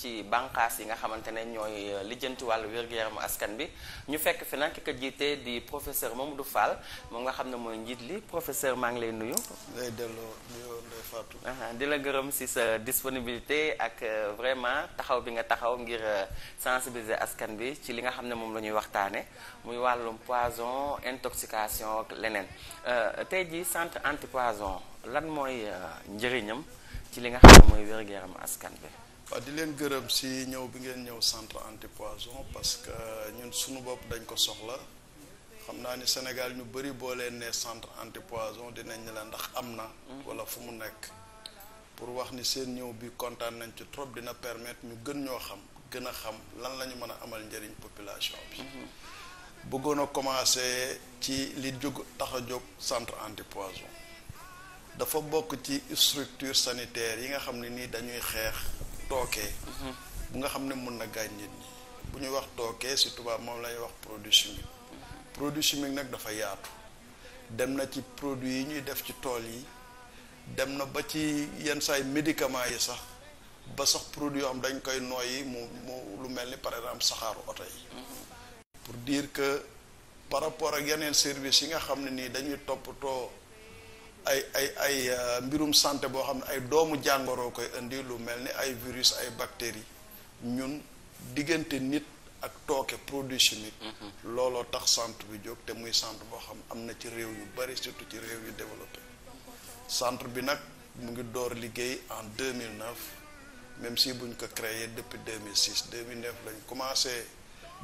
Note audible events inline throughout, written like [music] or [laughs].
ci bànqaas yi nga xamante ne ñooy euh, lijjanti wàllu wér-gu-yaramu askan bi ñu fekk fi nag ki ko jiite di professeur Mamadou Fall moom nga xam ne mooy njiit li professeur maa ngi lay nuyu. ngay di la gërëm si sa disponibilité ak euh, vraiment taxaw bi nga taxaw ngir euh, sensibiliser askan bi ci li nga xam ne moom la ñuy waxtaane muy wàllum poison intoxication ak leneen tey jii centre antipoison lan mooy njëriñam ci li nga xam ne mooy wér-gu-yaramu askan bi. waaw di leen gërëm si ñëw bi ngeen ñëw centre antipoison parce que ñun suñu bopp dañ ko soxla xam naa ni Sénégal ñu bëri boo leen ne centre antipoison dinañ la ndax am na. wala fu mu nekk. pour wax ni seen ñëw bi kontaan nañ ci trop dina permettre ñu gën ñoo xam gën a xam lan la ñu mën a amal njëriñ population bi. bëggoon a commencé ci li jóg tax jóg centre antipoison. dafa bokk ci structure sanitaire yi nga xam ne nii dañuy xeex. tookee mhm. bu nga xam ne mun na gaañ nit ñi bu ñuy wax tookee si tubaab moom lañuy wax produit chimique mhm. produit chimique nag dafa yaatu dem na ci produits yi ñuy def ci tool yi dem na ba ci yenn saay médicaments yi sax ba sax produit yoo am dañ koy nooyi mu mu lu mel ni par exemple saxaaru oto mhm. pour dire que par rapport ak yeneen service yi nga xam ne nii dañuy toppatoo ay ay ay euh, mbirum santé boo xam ne ay doomu jàngoroo koy indi lu mel ni ay virus ay bactéries ñun diggante nit ak tooke produit chimique mm-hmm. looloo tax centre bi jóg te muy centre boo xam am na ci réew yu bari surtout ci réew yu développé centre bi nag mu ngi door liggéey en 2009 même si buñ ko créé depuis 2006 2009 lañ commencer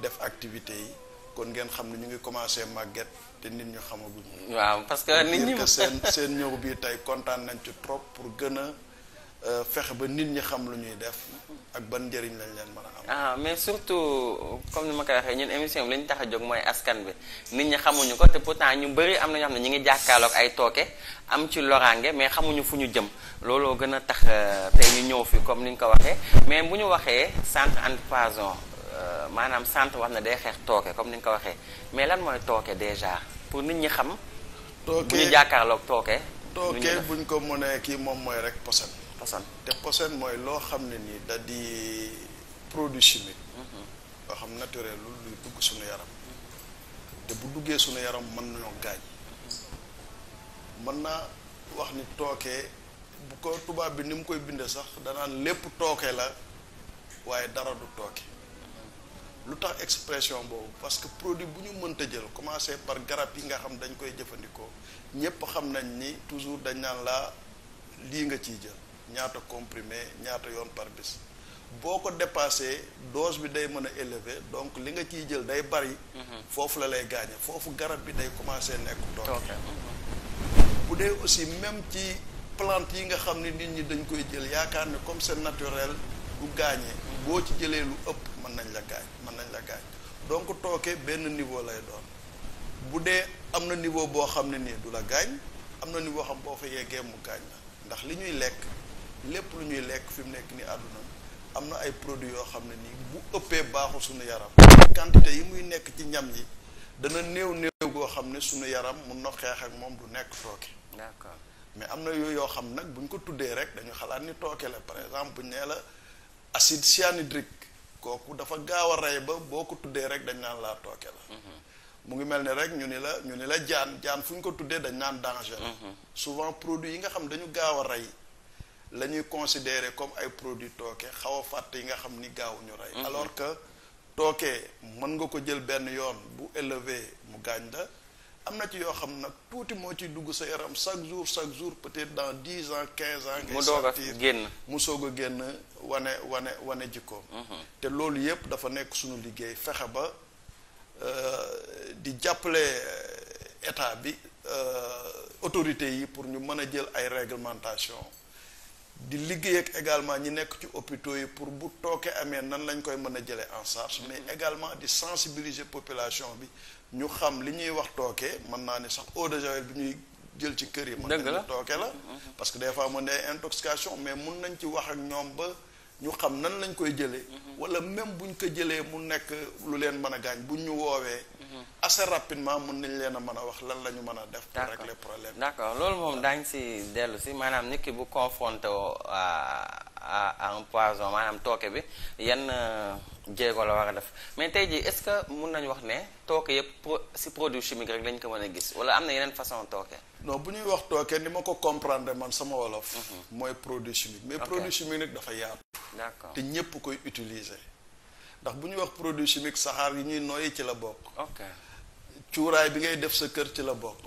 def activité yi kon ngeen xam ne ñu ngi commencé màgget te nit ñu xamaguñ. waaw parce que nit ñi que seen seen ñëw bi tey kontaan nañ ci trop pour gën a euh, fexe ba nit ñi xam lu ñuy def ak ban njëriñ lañ leen mën a am. ah mais surtout comme ni ma koy waxee ñun émission bi li ñu tax a jóg mooy askan bi nit ñi xamuñu ko te pourtant ñu bëri am na ñoo xam ne ñu ngi jàkkaarloog ay tooke am ci loraange mais xamuñu fu ñu jëm looloo gën a tax euh, tey ñu ñëw fii comme ni ñu ko waxee mais bu ñu waxee centre anti Euh, maanaam sant wax na day xeex tooke comme ni nga ko waxee mais lan mooy tooke déjà pour nit ñi xam. tooke bu ñu jàkkaarloog tooke. tooke bu ñu ko mënee kii moom mooy rek poson. poson te poson mooy loo xam ne nii da di produit chimique. Mhm. loo xam naturel lu luy dugg suñu yaram. te bu duggee suñu yaram mën nañoo gaañ. mën naa wax ni tooke bu ko tubaab bi ni mu koy bindee sax danaan lépp tooke la waaye dara du tooke. lu tax expression boobu parce que produit bu ñu mënta jël commencé par garab yi nga xam dañ koy jëfandikoo ñépp xam nañ ni toujours dañ naan la lii nga ciy jël ñaata comprimé ñaata yoon par bis boo ko dépassé dose bi day mën a élevé donc li nga ciy jël day bari. Mhm. foofu la lay gaañe foofu garab bi day commencé nekk doole mhm. bu dee aussi même ci plante yi nga xam ne nit ñi dañ koy jël yaakaar ne comme seen naturel du gaañe mhm. boo ci jëlee lu ëpp mën nañ la gaañ mën nañ la gaañ donc tooke benn niveau lay doon bu dee am na niveau boo xam ne nii du la gaañ am na niveau xam boo fa yeggee mu gaañ la ndax li ñuy lekk lépp lu ñuy lekk fi mu nekk nii àdduna am na ay produits yoo xam ne nii bu ëppee baaxul suñu yaram quantité muy nekk ci ñam yi dana néew néew goo xam ne suñu yaram mun na xeex moom du nekk tooke d'accord mais am na yooyu yoo xam nag bu ko tuddee rek dañu xalaat ni tooke la par exemple bu ñu nee la acide cyanhydrique kooku dafa gaaw a rey ba boo ko tuddee rek dañ naan laa tooke la mu ngi mel ni rek ñu ni la ñu ni la jaan jaan fu ñu ko tuddee dañ naan danger la souvent produit yi nga xam dañu gaaw a rey la ñuy considérer comme ay produit tooke xaw a fàtte yi nga xam ni gaawuñu rey mhm. alors que tooke mën nga ko jël benn yoon bu élevé mu gaañ la am na ci yoo xam nag tuuti moo ci dugg sa yaram chaque jour chaque jour peut-être dans dix ans quinze ans. ngay sortir génn mu soog a génn wane wane wane jikkoom. Mhm. te loolu yëpp dafa nekk suñu liggéey fexe ba euh, di jàppale euh, état bi euh, autorités yi pour ñu mën a jël ay réglementation di liggéey ak également ñi nekk ci hôpitaux yi pour bu tookee amee nan lañ koy mën a jëlee en charge mhm. mais également di sensibiliser population bi ñu xam li ñuy wax tooke mën naa ne sax eau de javel bi ñuy jël ci kër yi. dëgg la tooke la. Mm-hmm. parce que des fois mu ne intoxication mais mun nañ ci wax ak ñoom ba ñu xam nan lañ koy jëlee. Mm-hmm. wala même buñ ko jëlee mu nekk lu leen mën a gaañ buñ ñu woowee. Mm-hmm. assez rapidement mun nañ leen a mën a wax lan la ñu mën a def. pour régler problème d'accord loolu moom daañ si dellu si maanaam nit ki bu confronté woo. Euh, à un maanaam tooke bi yan euh, jéego la war a def mais tey jii est-ce que mun nañu wax ne tooke yëpp pro si produit chimique rek lañ ko mën a gis wala am na yeneen façon tooke. non bu ñuy wax tooke ni ma ko comprendre man sama wolof. Mhm. mooy produit chimique. mais produit chimique nag dafa yaatu. d'accord te ñëpp koy utiliser ndax bu ñuy wax produit chimique saxaar yi ñuy noyyi ci la bokk. ok cuuraay bi ngay def sa kër ci la bokk.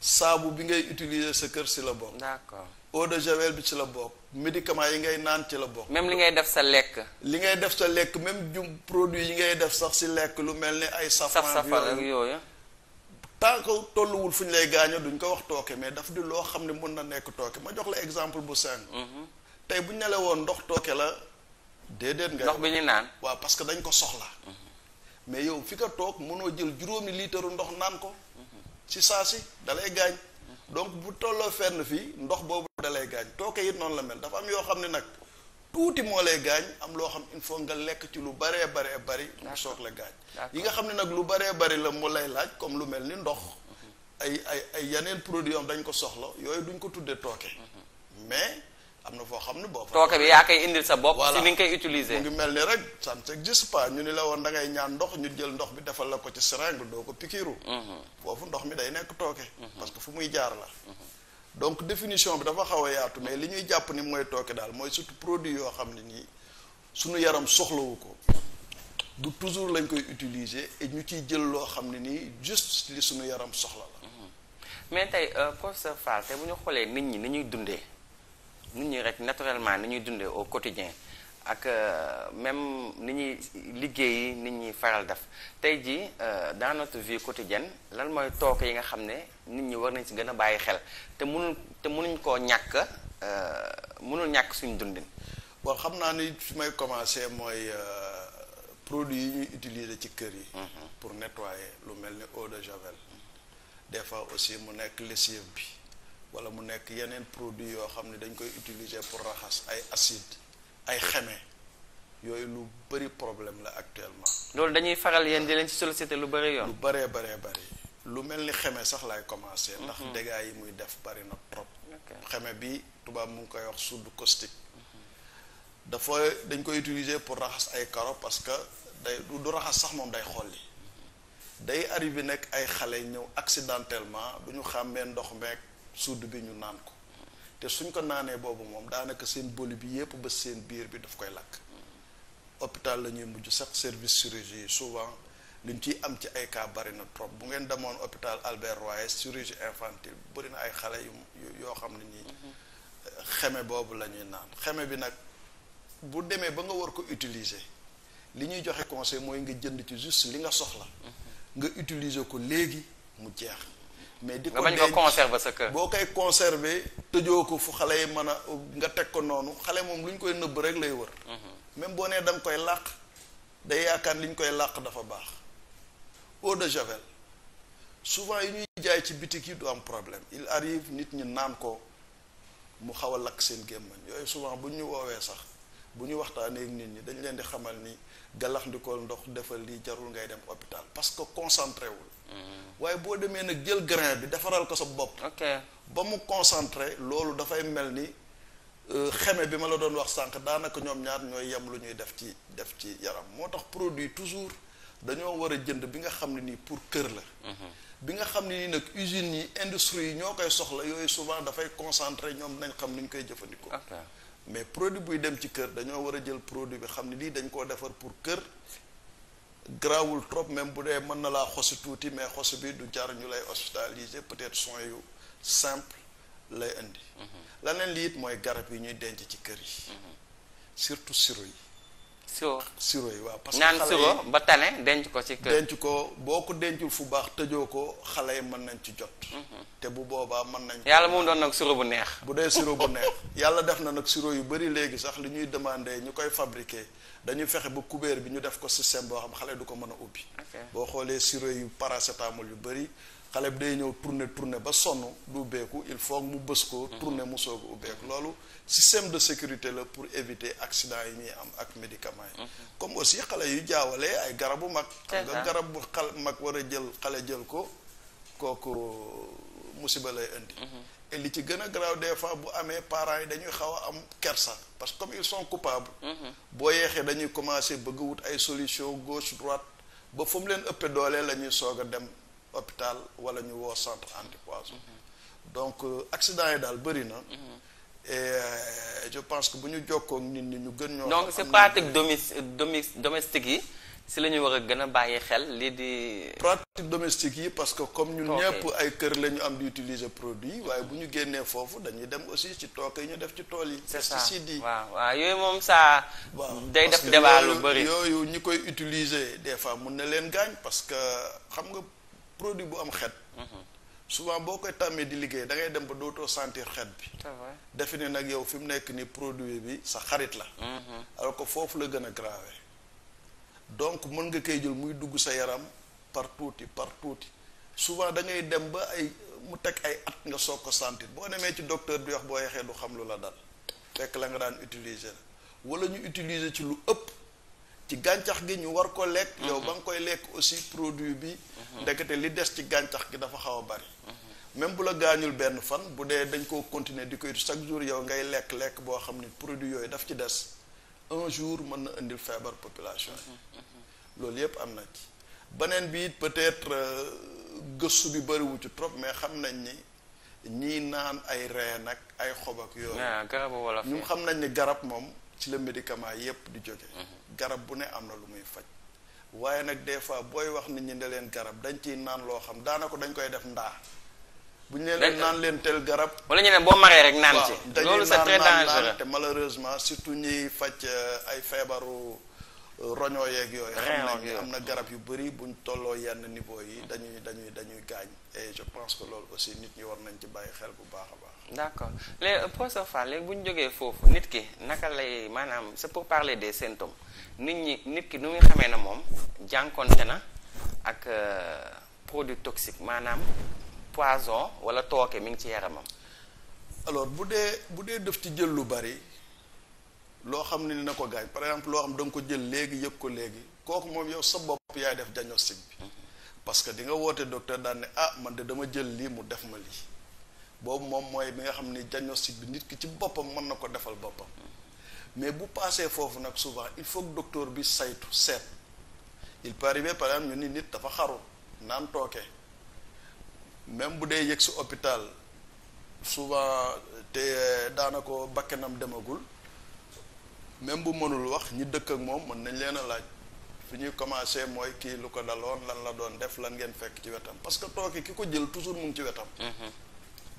saabu bi ngay utiliser sa kër si la bokk. eau de javel bi ci la bokk médicament yi ngay naan ci la bokk. même li ngay def sa lekk. li ngay def sa lekk même jum produit yi ngay def sax si lekk lu mel ni ay. safran safara ak yooyu tant que tolluwul fu ñu lay gaañoo duñ ko wax tooke mais dafa di loo xam ne mun na nekk tooke ma jox la exemple bu simple. Mhm. tey bu ñu ne woon ndox tooke la déedéet. nga ndox bi ñu naan waaw parce que dañ ko soxla. Mhm. mais yow fi ko toog mënoo jël juróomi liitaru ndox naan ko. ci mhm. saa si dalay gaañ. donc bu tolloo fenn fii ndox boobu da lay gaañ tooke it noonu la mel dafa am yoo xam ne nag tuuti moo lay gaañ am loo xam il faut nga lekk ci lu baree baree bari mu soog la gaañ yi nga xam ne nag lu baree bari la mu lay laaj comme lu mel ni ndox mhm. ay ay ay yeneen produit am dañ ko soxla yooyu duñ ko tuddee tooke mhm. mais am na foo xam ne boo fa tooke bi yaa koy indil sa bopp si koy utiliser mu ngi mel ni rek ça ne existe pas ñu ni la woon da ngay ñaan ndox ñu jël ndox bi defal la ko ci seringue doo ko pikiru mhm. foofu ndox mi day nekk tooke mhm. parce que fu muy jaar la mhm. donc définition bi dafa xaw yaatu mais li ñuy jàpp ni mooy tooke daal mooy surtout produit yoo xam ne nii suñu yaram soxlawu ko du toujours lañ koy utiliser ñu ciy jël loo xam ne nii juste suñu yaram soxla la mais tey euh, professeur Fall tey mu ñu xoolee nit ñi ni ñuy dundee nit ñi rek naturellement ni ñuy dundee au quotidien ak euh, même ni ñuy liggéeyi nit ñi faral def tey jii euh, dans notre vie quotidienne lan mooy toog yi nga xam ne nit ñi war nañ ci gën a bàyyi xel te mënul te mënuñ koo ñàkk euh, mënul ñàkk suñ dundin. waaw xam naa ni fi may commencer mooy produit yi ñuy utiliser ci kër yi. Mhm. pour nettoyer lu mel ni eau de javel. des fois aussi mu nekk lessive bi. wala mu nekk yeneen produit yoo xam ne dañ koy utiliser pour raxas ay acide ay xeme yooyu lu bëri problème la actuellement. loolu dañuy faral yéen di leen ci solliciter lu bëri yoon. lu bëree bëree bëri lu mel ni xeme sax laay commencé. Mm-hmm. ndax dégâts yi muy def bëri na trop. xeme bi tubaab mu ngi koy wax soude caustique. Mm-hmm. dafa dañ koy utiliser pour raxas ay karo parce que day du raxas sax moom day xolli. Mm-hmm. day arrivé nekk ay xale ñëw accidentellement du ñu xàmmee ndox meek. sudd bi ñu naan ko te suñ ko naanee boobu moom daanaka seen boli bi yépp ba seen biir bi daf koy lakk hôpital la mujj sax service chirurgie yi souvent liñ ci am ci ay cas bari na trop bu ngeen demoon hôpital Albert Royer chirurgie infantile bari na ay xale yoo xam ne nii mhm. xeme boobu la ñuy naan xeme bi nag bu demee ba nga war ko utiliser li ñuy joxe conseil mooy nga jënd ci juste li nga soxla mhm. nga utiliser ko léegi mu jeex mais di ko denc nga bañ boo koy conserver tëjoo ko fu xale yi mën a nga teg ko noonu xale moom lu ñu koy nëbb rek lay wër. Mhm. même boo nee da koy làq day yaakaar li ñu koy làq dafa baax. eau de javel souvent yi ñuy jaay ci bitik yi du am problème il arrive nit ñi naan ko mu xaw a lakk seen gémmañ yooyu souvent bu ñu woowee sax bu ñu waxtaanee ak nit ñi dañ leen di xamal ni galaxndikool ndox defal lii jarul ngay dem hôpital parce que concentré wul. waaye boo demee nag jël grain bi defaral ko sa bopp. ok ba mu concentré loolu dafay mel ni euh, xeme bi ma la doon wax sànq daanaka ñoom ñaar ñooy yem lu ñuy def ci def ci yaram moo tax produit toujours dañoo war a jënd bi nga xam ne nii pour kër la. Mhm. bi nga xam ne nii nag usines yi industrie yi ñoo koy soxla yooyu souvent dafay concentré ñoom nañ xam ni ñu koy jëfandikoo. mais produit buy dem ci kër dañoo war a jël produit bi xam ne lii dañ koo defar pour kër. grawul trop même bu dee mën na laa xosu tuuti mais xosu bi du jar ñu lay hospitaliser peut-être soins yu simple lay indi. Mm-hmm. leneen li it mooy garab yi ñuy denc ci kër yi. Mm-hmm. surtout siro yi. siro siro yi waaw parce que naan siro ba tane denc ko ci kër denc ko boo ko dencul fu baax tëjoo ko xale yi mën nañ ci jot mhm. te bu boobaa mën nañ yàlla moom doon nag siro bu neex bu dee siro bu neex yàlla def na nag siro yu bëri léegi sax li ñuy demandé ñu koy fabriqué dañuy fexe ba kubéer bi ñu def ko système boo xam xale du ko mën a ubbi boo xoolee siro yu parasetamul yu bëri xale bi day ñëw tourner tourner ba sonn du ubbeeku il faut mu bës ko mm-hmm. tourner mu soog a ubbeeku loolu système de sécurité la pour éviter accident yi ñuy am ak médicament yi mm-hmm. comme aussi xale yu jaawale ay garabu mag xam garab xal mag war a jël xale jël ko kooku musiba lay indi mm-hmm. et li ci gën a garaaw des fois bu amee parents yi dañuy xaw a am kersa parce que comme ils son coupables boo yeexee dañuy commencer bëgg wut ay solution gauche droite ba fu mu leen ëppee doole la ñuy soog a dem hôpital wala ñu woo centre antipoison mhm. donc euh, accident yi daal bëri na mhm. et euh, je pense que bu ñu jokkoo nit ñi ñu gën ñoo donc c'est pratique domi domestique yi si la ñu war a gën a bàyyi xel lii di pratique domestique yi parce que comme ñun ñëpp ay kër lañu am di utiliser produit waaye mhm. bu ñu génnee foofu dañuy dem aussi ci tooke yi ñu def ci tool yi pesticide yi waaw waaw yooyu moom saa waaw day def débat lu bëri yooyu ñi koy utiliser des fois mun na leen gaañ parce que xam nga produit bu am xet. souvent boo koy tàmmee di liggéey da ngay dem ba dootoo sentir xet bi. c'est vrai nag yow fi mu nekk ni produit bi sa xarit la. Mm-hmm. alors ko foofu la gën a grave. donc mën nga koy jël muy dugg sa yaram par tuuti par tuuti souvent da ngay dem ba ay mu teg ay at nga soog ko sentir boo demee ci docteur bi wax boo yeexee du xam lu la dal fekk la nga daan utiliser la wala ñu utiliser ci lu ëpp. ci gàncax gi ñu war ko lekk mm-hmm. yow ba nga koy lekk aussi produit bi mm-hmm. ndekete li des ci gàncax gi dafa xaw a bari mm-hmm. même bu la gaañul benn fan bu dee dañ koo continuer di koy chaque jour yow ngay lekk lekk boo xam ni produit yooyu daf ci des un jour mën na indil feebar population yi loolu yépp am na ci beneen bi it peut-être euh, gëstu bi bëriwu ci trop mais xam nañ ni ñii naan ay reen ak ay xob ak yooyu ah, ñun xam nañ ni garab moom ci médicament yépp di jóge garab bu ne am na lu muy faj waaye nag des fois booy wax nit ñi ne leen garab dañ ciy naan loo xam daanaka dañ koy def ndaa bu ñu leen naan leen tel garab wala ñu ne boo maree rek naan ci loolu c'est très dangereux te malheureusement surtout ñuy faj euh, ay feebaru euh, roñoo yeeg yooyu xam nañ am na garab yu bëri buñ tolloo yenn niveau yi dañuy dañuy dañuy gaañ et je pense que loolu aussi nit ñi war nañ ci bàyyi xel bu baax a baax d' accord léegi euh, professeur léegi bu ñu jógee foofu nit ki naka lay maanaam c' est pour parler des symptômes nit ñi nit ki nu muy xamee na moom jànkonte na ak euh, produit toxique maanaam poison wala tooke mu ngi ci yaramam. alors bu dee bu dee def ci jël lu bari loo xam ni ni na ko gaañ par exemple loo xam da nga ko jël léegi yëg ko léegi kooku moom yow sa bopp yaay def diagnostic bi mhm. parce que di nga woote docteur daan ne ah man de dama jël lii mu def ma lii. boobu moom mooy bi nga xam ni diagnostic bi nit ki ci boppam mën na ko defal boppam mais bu paasee foofu nag souvent il faut que docteur bi saytu seet il peut arriver par ñu ni nit dafa xaru naan tooke même bu dee yëg si hôpital souvent te daana ko demagul même bu mënul wax ñi dëkk ak moom mën nañ leen a laaj fi ñu commencé mooy kii lu ko daloon lan la doon def lan ngeen fekk ci wetam parce que tooke ki ko jël toujours mu ngi ci wetam mm-hmm.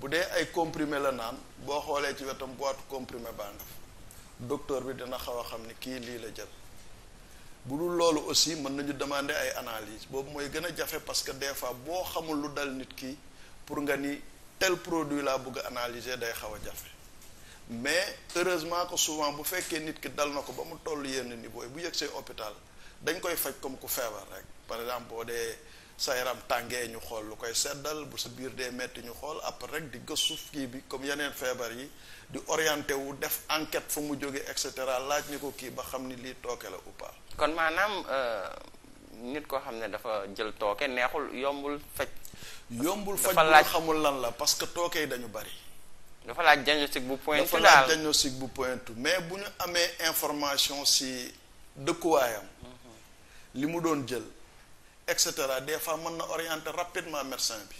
bu dee ay comprimé la naan boo xoolee ci wetam boîte comprimé baa nga fa docteur bi dina xaw a xam ni kii lii la jël bu dul loolu aussi mën nañu demander ay analyse boobu mooy gën a jafe parce que des fois boo xamul lu dal nit ki pour nga ni tel produit laa bëgg a analyser day xaw a jafe mais heureusement ko souvent bu fekkee nit ki dal na ko ba mu toll yenn ni booy bu yëg see hôpital dañ koy faj comme ku feebar rek par exemple boo dee sa yaram tàngee ñu xool lu koy seddal bu si biir dee metti ñu xool après di gëstu kii bi comme yeneen feebar yi di orienté wu def enquête fu mu jógee et cetera laaj ñu ko kii ba xam ni lii tooke la ou pas. kon maanaam euh, nit koo xam ne dafa jël tooke neexul yombul faj. yombul faj bu xamul lan la parce que tooke yi dañu bari. dafa laaj diagnostic bu pointu daal dafa laaj bu pointu mais bu ñu amee information si dëkkuwaayam. Mhm. li mu doon jël. et cetera des fois mën na orienter rapidement médecin bi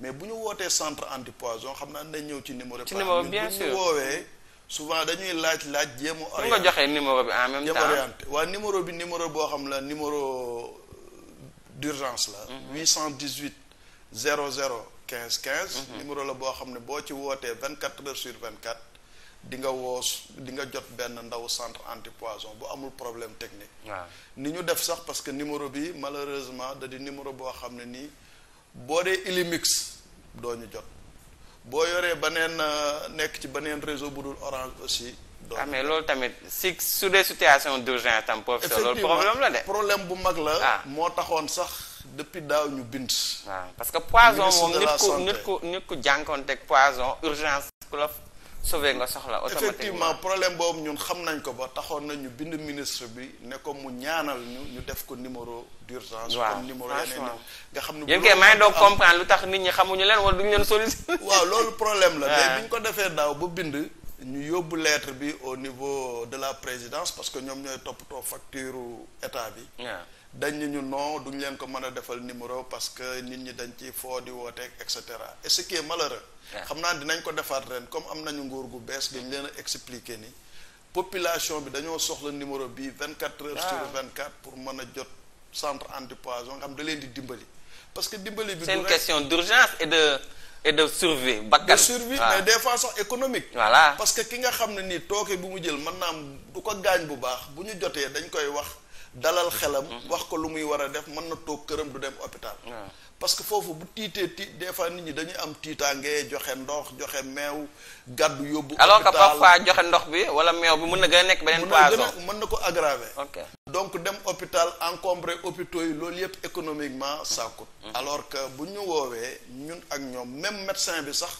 mais bu ñu wootee centre antipoison xam naa dañ ñëw ci numéro ci numéro bien woowee souvent dañuy laaj laaj jéem a orienté nga joxe numéro bi en même temps jéem waa numéro bi numéro boo xam la numéro euh, d'urgence la 818 00 15 15 numéro la boo xam ne boo ci wootee 24 heures sur 24 di nga woo di nga jot benn ndaw centre antipoison bu amul problème technique. waa ni ñu def sax parce que numéro bi malheureusement da di numéro boo xam ne nii boo dee Illimix doo ñu jot boo yoree ba beneen euh, nekk ci beneen réseau bu dul orange aussi. doo ah loolu tamit si su dee situation d'urgence tam professeur loolu problème la de. problème bu mag la. Ah. moo taxoon sax. depuis daaw ñu bind. waaw ah, parce que poison moom nit ku nit ku nit ku jànkoonteeg poison urgence ku la. sauver nga soxla automatiquement effectivement problème boobu ñun xam nañ ko ba taxoon nañu bind ministre bi ne ko mu ñaanal ñu ñu def ko numéro d'urgence comme numéro yeneen nga xam ne yéen kay maa ngi doog lu tax nit ñi xamuñu leen wala duñu leen solution [laughs] waaw loolu problème la mais bi ko defee daaw ba bind ñu yóbbu leetre bi au niveau de la présidence parce que ñoom ñooy toppatoo facture état bi dañ ñu non duñ leen ko mën a defal numéro parce que nit ñi dañ ci foo di wooteeg et cetera et ce qui malheureux. xam naa dinañ ko defaat ren comme am nañu nguur gu bees dañ leen a expliquer ni population bi dañoo soxla numéro bi 24 heures ah. sur 24 pour mën a jot centre antipoison nga xam da leen di dimbali. parce que dimbali bi. c'est une question d'urgence et de. et de survie bakkan de survie ah. mais des fois sax économique. voilà parce que ki nga xam ne nii tooke bu mu jël mën naa am ko gaañ bu baax bu ñu jotee dañ koy wax. dalal mhm. xelam. Mhm. wax ko lu muy war a def mën na toog këram du dem hôpital. parce que foofu bu tiitee tiit des fois nit ñi dañuy am tiitaange joxe ndox joxe meew gàddu yóbbu. hôpital alors que parfois joxe ndox bi wala meew bi mën na gën nekk beneen poison mën na ko aggraver. donc dem hôpital encombré hôpitaux yi loolu yëpp économiquement ça coûte. Mhm. alors que bu ñu woowee ñun ak ñoom même médecin bi sax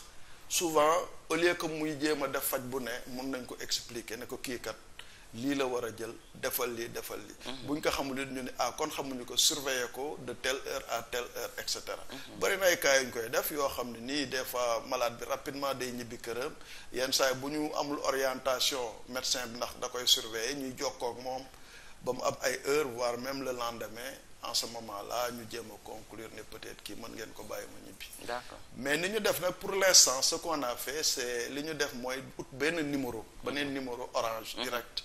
souvent au lieu que muy jéem a def faj bu ne mun nañ ko expliquer ne ko kii kat. lii la war a jël defal lii defal lii. Mhm. bu ñu ko xamul it ñu ne ah kon xamuñu ko surveiller ko de telle heure à telle heure et cetera. Mhm. bëri na ay cas yu ñu koy def yoo xam ne nii des fois malade bi rapidement day ñibbi këram yenn saa yi bu ñu amul orientation médecin bi ndax da koy surveiller ñuy jokkook moom ba mu am ay heure voire même le lendemain. en ce la ñu jéem a conclure ne peut-être kii mën ngeen ko bàyyi mu ñibbi. d'accord mais ni ñu def nag pour l'instant ce qu'on a fait c'est li ñu def mooy ut benn numéro. beneen mhm. numéro orange. Mhm. direct.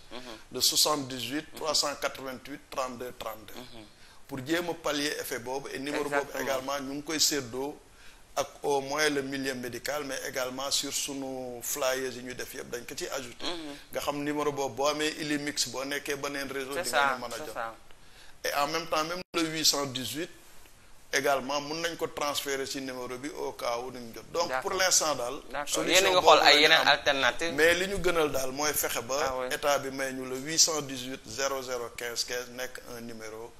le 78 388 32 32. pour jéem a pallier effet boobu. et numéro boobu également ñu ngi koy séddoo. ak au moins le milieu médical mais également sur sunu flyers yi ñu def yëpp dañ ko ci ajouté. Mhm. nga xam numéro boobu boo amee Illimix boo nekkee beneen réseau. di nga mën a jot et en même temps même le 818 également mun nañ ko transférer ci numéro bi au cas où duñ jot. donc pour l'instant daal. solution yéen a ngi ay yeneen alternative mais li ñu gënal daal mooy fexe ba. Ah état bi may ñu le 818 0015 15 nekk un numéro.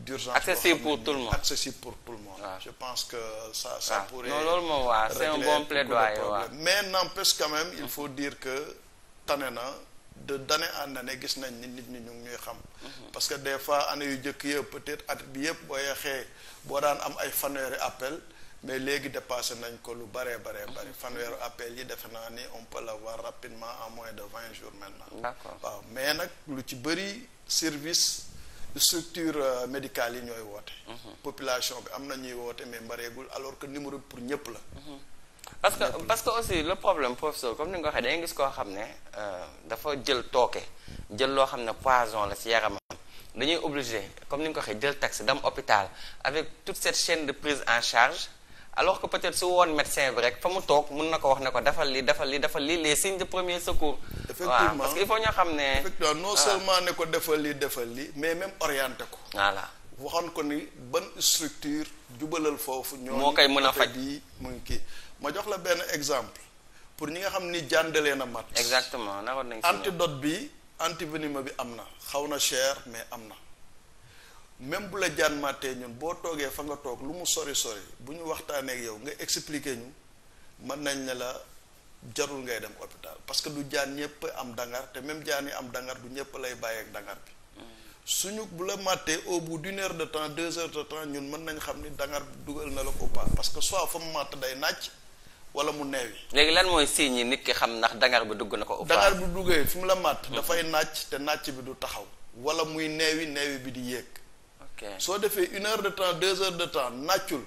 d'urgence accessible pour tout le monde accessible pour tout le monde. Ah. je pense que ça ça ah. pourrait. non loolu moom waa c'est un bon plaidoyer mais n'empêche quand il faut dire que tane na. de d'année en ne gis nañ ni nit ñi ñu ngi ñuy xam. Mhm. parce que des fois année yu jëkk yëpp peut-être at bi yëpp boo yeexee boo daan am ay fanweeri appel mais léegi dépassé nañ ko lu baree baree mhm. bari fanweeru appel yi defe naa ni on peut l'avoir rapidement en moins de vingt jours maintenant. d'accord waaw mais nag lu ci bëri service. structure euh, médicale yi ñooy woote mhm. population bi am na ñuy woote mais mbareegul alors que numéro bi pour ñëpp la parce que parce que aussi le problème professeur comme ni nga ko waxee dangay gis koo xam ne euh, dafa jël tooke jël loo xam ne poison la ci yaramam dañuy obligé comme ni nga ko jël taxi dem hôpital avec toute cette chaîne de prise en charge alors que peut-être su woon médecin bi rek fa mu toog mën na ko wax ne ko defal lii defal li defal li les signes de premier secours. effectivement waaw ne. effectivement non ne ko defal defal li mais même orienté ko. voilà. waxoon ko ni ban structure jubalal foofu. ñoo moo koy mën a faj di mu kii. ma jox la benn exemple pour ñi nga xam ni jàndalee na mat. exactement naroon nañ antidote bi antivenimeux bi am na xaw na cher mais am na même bu la jaan matte ñun boo toogee fa nga toog lu mu sori sori bu ñu waxtaaneek yow nga expliquer ñu mën nañ ne la jarul ngay dem hôpital parce que du jaan ñëpp am dangar te même jaan yi am dangar du ñëpp lay bàyyi ak dangar bi. Mm. suñu bu la màttee au bout d'une heure de temps deux heures de temps ñun mën nañ xam ni dangar dugal na la ko pas parce que soit fa mu day nàcc wala mu yi léegi lan mooy signe yi nit ki xam ndax dangar bi dugg na ko. dangar bu duggee fi mu la màtt. Hmm. dafay nàcc te nàcc bi du taxaw. wala muy neewi neewi bi di yéeg. ok soo defee une de temps deux heures de temps nàccul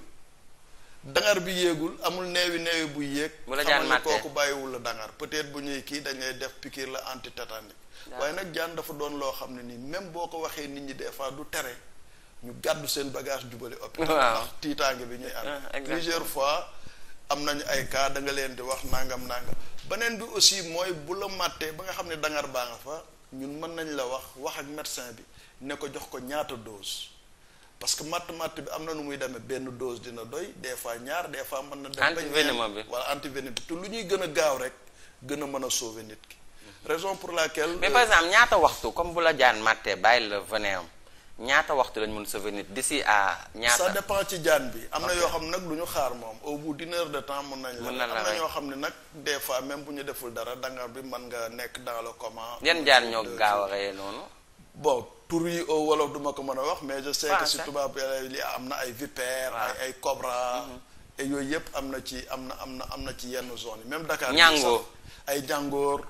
dangar bi yéegul amul neewi neewi buy yéeg. bu la jaan màttee kooku bàyyiwul la dangar peut-être bu ñuy kii dañuy def piqûre la antitétanique. waaye nag jaan dafa doon loo xam ne nii même boo ko waxee nit ñi des fois du tere ñu gàddu seen bagage jubale hôpital. waaw bi ñuy am. Ah, plusieurs fois. am nañu ay cas da nga leen di wax nangam nangam beneen bi aussi mooy bu la màttee ba nga xam ne dangar baa nga fa ñun mën nañ la wax wax ak médecin bi ne ko jox ko ñaata dose parce que matt matt bi am na nu muy demee benn dose dina doy des fois ñaar des fois mën na dem antivénin bi wala antivénin bi te lu ñuy gën gaaw rek gën a mën a sauver nit ki mm-hmm. raison pour laquelle mais par exemple ñaata waxtu comme bu la jaan màttee bàyyi la venin am ñaata waxtu lañ mën sauver nit d'ici à. ñaata ça dépend ci jaan bi. am na yoo xam nag du xaar moom au bout d'une de temps nañ la. na la xam ne nag des fois même bu ñu deful dara dangar bi mën nga nekk dans le coma. yan jaan ñoo gaaw a reye noonu. bon tur yi au wolof du ko mën a wax. mais je sais que si tubaab li am na ay vipère. ay ay cobra. Mhm. yooyu yëpp am na ci am na am na am na ci yenn zone yi même Dakar. ñàngoor ay jàngoor.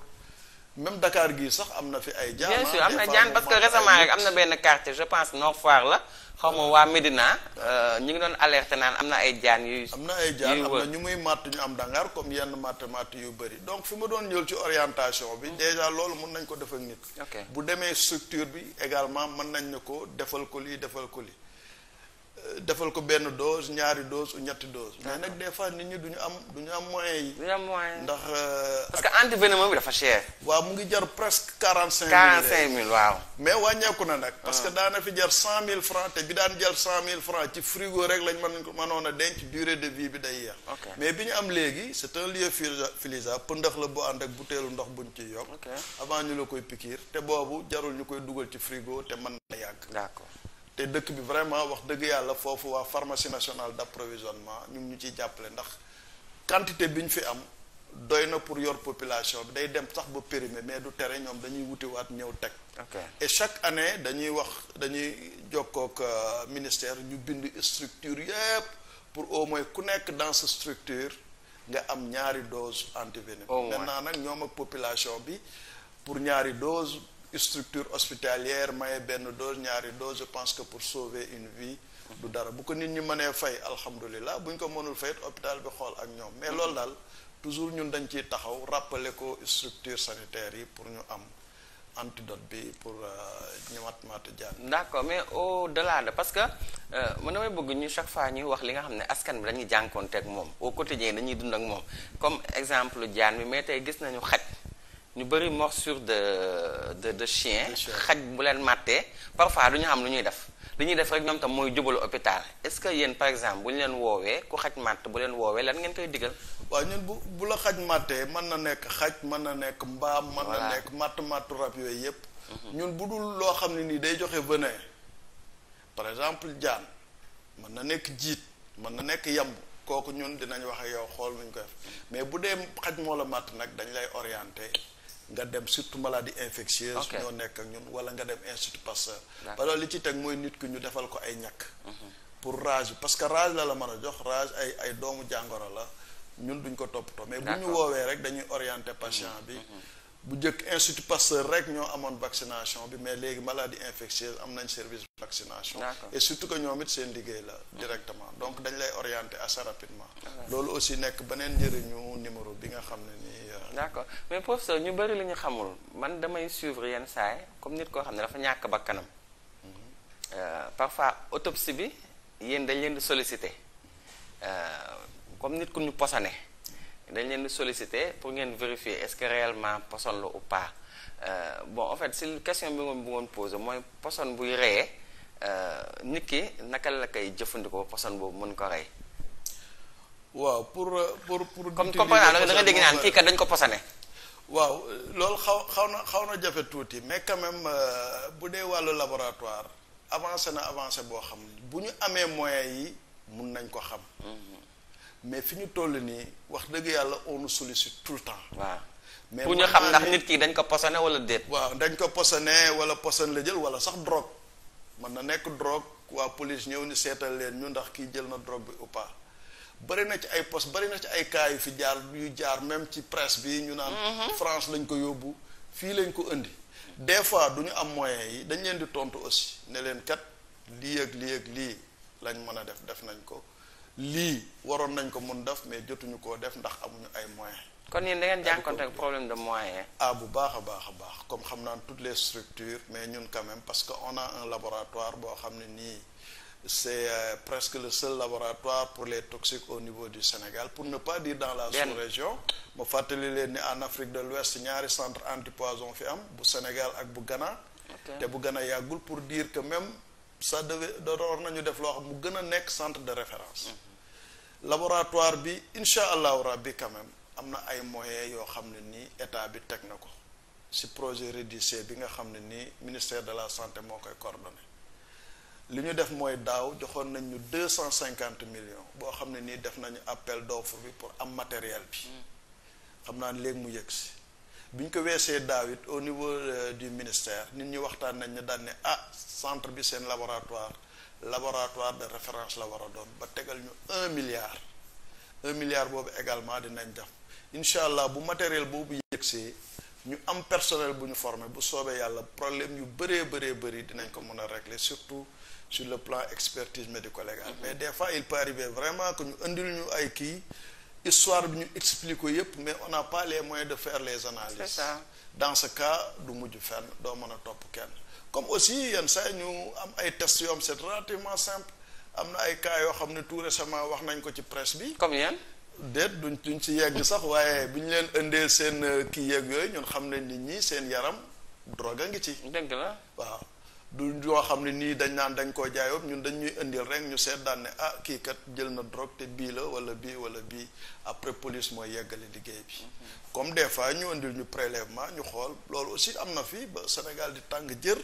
même Dakar gii sax am na fi ay. jaan bien am na jaan parce que récemment rek am na benn quartier je pense Nord Foire la xaw ma waa Médina euh, ñu ngi doon alerté naan am na ay jaan yuy. am na ay jaan am ñu muy màtt ñu am dangar comme yenn màtt màtt yu bëri donc fi ma doon ñëw ci orientation bi hmm. déjà loolu mun nañ ko def ak nit. bu demee structure bi également mën nañ ne ko defal ko lii defal ko lii. defal ko benn dose ñaari dose ñetti dose. mais nag des fois nit ñi du ñu am du am moyens yi. du ñu am moyens yi ndax. Euh, parce que bi dafa cher. waaw mu ngi jar presque quarante cinq mille. quarante cinq waaw. mais wàññeeku na nag. parce que ah. daana fi jar cent mille franc te bi daan jar cent mille franc ci frigo rek lañ mën ko mënoon a denc durée de vie bi day yeex. mais bi ñu am léegi c' est un lieu filisa pëndax la bu ànd ak butéelu ndox buñ ci yokk. avant ñu la koy pikiir te boobu jarul ñu koy dugal ci frigo te mën na yàgg. d' accord. te dëkk bi vraiment wax dëgg yàlla foofu waa pharmacie nationale d'approvisionnement ñu ñu ciy jàppale ndax quantité bi ñu fi am doy na pour yor population bi day dem sax ba périmé mais du tere ñoom dañuy wuti waat ñëw teg. et chaque année dañuy wax dañuy jokkook euh, ministère ñu bind structure yépp pour au moins ku nekk dans sa structure nga am ñaari dose antivénine maintenant nag ñoom ak population bi pour ñaari dose structure hospitalière maye benn dose ñaari dose je pense que pour sauver une vie du dara bu ko nit ñi mënee fay alhamdulilah bu ñu ko mënul fayit hôpital bi xool ak ñoom mais loolu daal toujours ñun dañu ciy taxaw rappeler ko structure sanitaire yi pour ñu am antidote bi pour euh, ñëwaat maata jaar d'accord mais au delà parce que euh, man damay bëgg ñu chaque fois ñuy wax li nga xam ne askan bi dañuy jànkoonte ak moom au quotidien dañuy dund ak moom comme exemple jaan bi mais tey gis nañu xaj ñu bëri morsure de de de chien xaj bu leen màttee parfois du ñu am lu ñuy def lu ñuy def rek ñoom tam mooy jubalu hôpital est-ce que yéen par exemple bu ñu leen woowee ku xaj màtt bu leen woowee lan ngeen koy digal waaw ñun bu bu la xaj màttee mën na nekk xaj mën na nekk mbaam mën na nekk màtt màttu rab yooyu yépp mhm. ñun bu dul loo xam ne nii day joxe venin par exemple jaan mën na nekk jiit mën na nekk yamb kooku ñun dinañ wax ak yow xool nuñ koy mhm. mais bu dee xaj moo la nag dañ lay orienté nga dem surtout maladie infectieuse ñoo nekk ak ñun wala nga dem institut Pasteur parce que ci teg mooy nit ku ñu defal ko ay ñàkk mhm. pour rage bi parce que rage la la mën a jox rage ay ay doomu jàngoro la ñun duñ ko toppatoo mais bu ñu woowee rek dañuy orienter patient bi mhm. Mhm. bu njëkk institut Pasteur rek ñoo amoon vaccination bi mais léegi maladie infectieuse am nañ service vaccination et surtout que ñoom it seen liggéey la directement donc dañ lay orienter assez rapidement d' accord mais professeur ñu bëri li ñu xamul man damay suivre yenn saay comme nit koo xam ne dafa ñàkk bakkanam mhm. euh, parfois autopsie bi yéen dañ leen solicité sollicité euh, comme nit ku ñu posone dañ leen di sollicité pour ngeen vérifier est ce que poson la ou pas euh, bon en fait si question bi nga bëggoon posé mooy poson buy reyee nit ki naka la koy jëfandikoo poson boobu mën ko rey waaw pour euh, pour pour. comme comme par exemple da nga dégg naan kii kat dañ ko posane. waaw loolu xaw xaw na xaw na jafe tuuti mais quand même euh, bu dee wàllu laboratoire avancé na avancé boo xam bu ñu amee moyens yi mun nañ ko xam. Mm-hmm. mais fi ñu toll nii wax dëgg yàlla on nous tout le temps. waaw mais bu xam ndax nit ki dañ ko posane wala déet. waaw dañ ko posane wala posane la jël wala sax drogue mën na nekk drogue waa police ñëw ni seetal leen ñu ndax kii jël na drogue bi ou pas. bëri na ci ay poste bëri na ci ay cas yu fi jaar yu jaar même ci presse bi ñu naan. Mhm. France lañ ko yóbbu fii lañ ko indi. des fois du ñu am moyens yi dañ leen di tontu aussi ne leen kat lii ak lii ak lañ mën a def def nañ ko lii waroon nañ ko mun def mais jotuñu koo def ndax amuñu ay moyens. kon yéen da ngeen jànkonte ak problème de moyens. ah bu baax a baax a baax comme xam naa toutes les structures mais ñun quand même parce que on a un laboratoire boo xam ne nii. c'est euh, presque le seul laboratoire pour les toxiques au niveau du Sénégal pour ne pas dire dans la sous-région mu fàttali leen ni en Afrique de l'Ouest ñaari centre antipoison fi am bu Sénégal ak bu gana te bu Ghana yàggul pour diir que même ça devait war nañu def loo xam mu gën a nekk centre de référence mm laboratoire bi incha allahu rabbi quand am na ay moyens yoo xam ne nii état bi teg na ko si projet REDIC bi nga xam ne nii ministère de la santé moo koy coordonné li ñu def mooy daaw joxoon nañ ñu deux cent cinquante millions boo xam ne nii def nañu appel d'offre bi pour am matériel bi xam naa léegi mu yëg si bi ñu ko weesee daaw it au niveau euh, du ministère nit ñi waxtaan nañ ne daan ne ah centre bi seen laboratoire laboratoire de référence la war a doon ba tegal ñu un milliard un milliard boobu également dinañ def incha allah bu matériel boobu yëgsee ñu am personnel bu ñu formé bu soobee yàlla problème yu bëree bëree bëri dinañ ko mën a régler surtout sur le plan expertise médico-légale mais des fois il peut arriver vraiment que ñu indil ñu ay kii histoire bi ñu explique ko yëpp mais on n'a pas moyens de faire les analyses c'est ça. dans ce cas du mujj fenn doo mën a topp kenn comme aussi yenn saa ñu am ay tests yoo xam c'est relativement simple am na ay cas yoo xam ne tout récemment wax nañ ko ci presse bi comme yan déet duñ duñ ci yegg sax waaye bi ñu leen indee seen euh, kii yegg yooyu ñun xam nañ nit ñi seen yaram drogue a ngi ci dëgg la waaw du yoo xam ne nii dañ naan dañ koo jaayoo ñun dañ ñuy indil rek ñu seet daan ne ah, kii kat jël na drogue te bii la wala bii wala bii après police mooy yeggale liggéey comme des fois ñu indil ñu prélèvement ñu xool loolu aussi am na fi ba Sénégal di tàng jër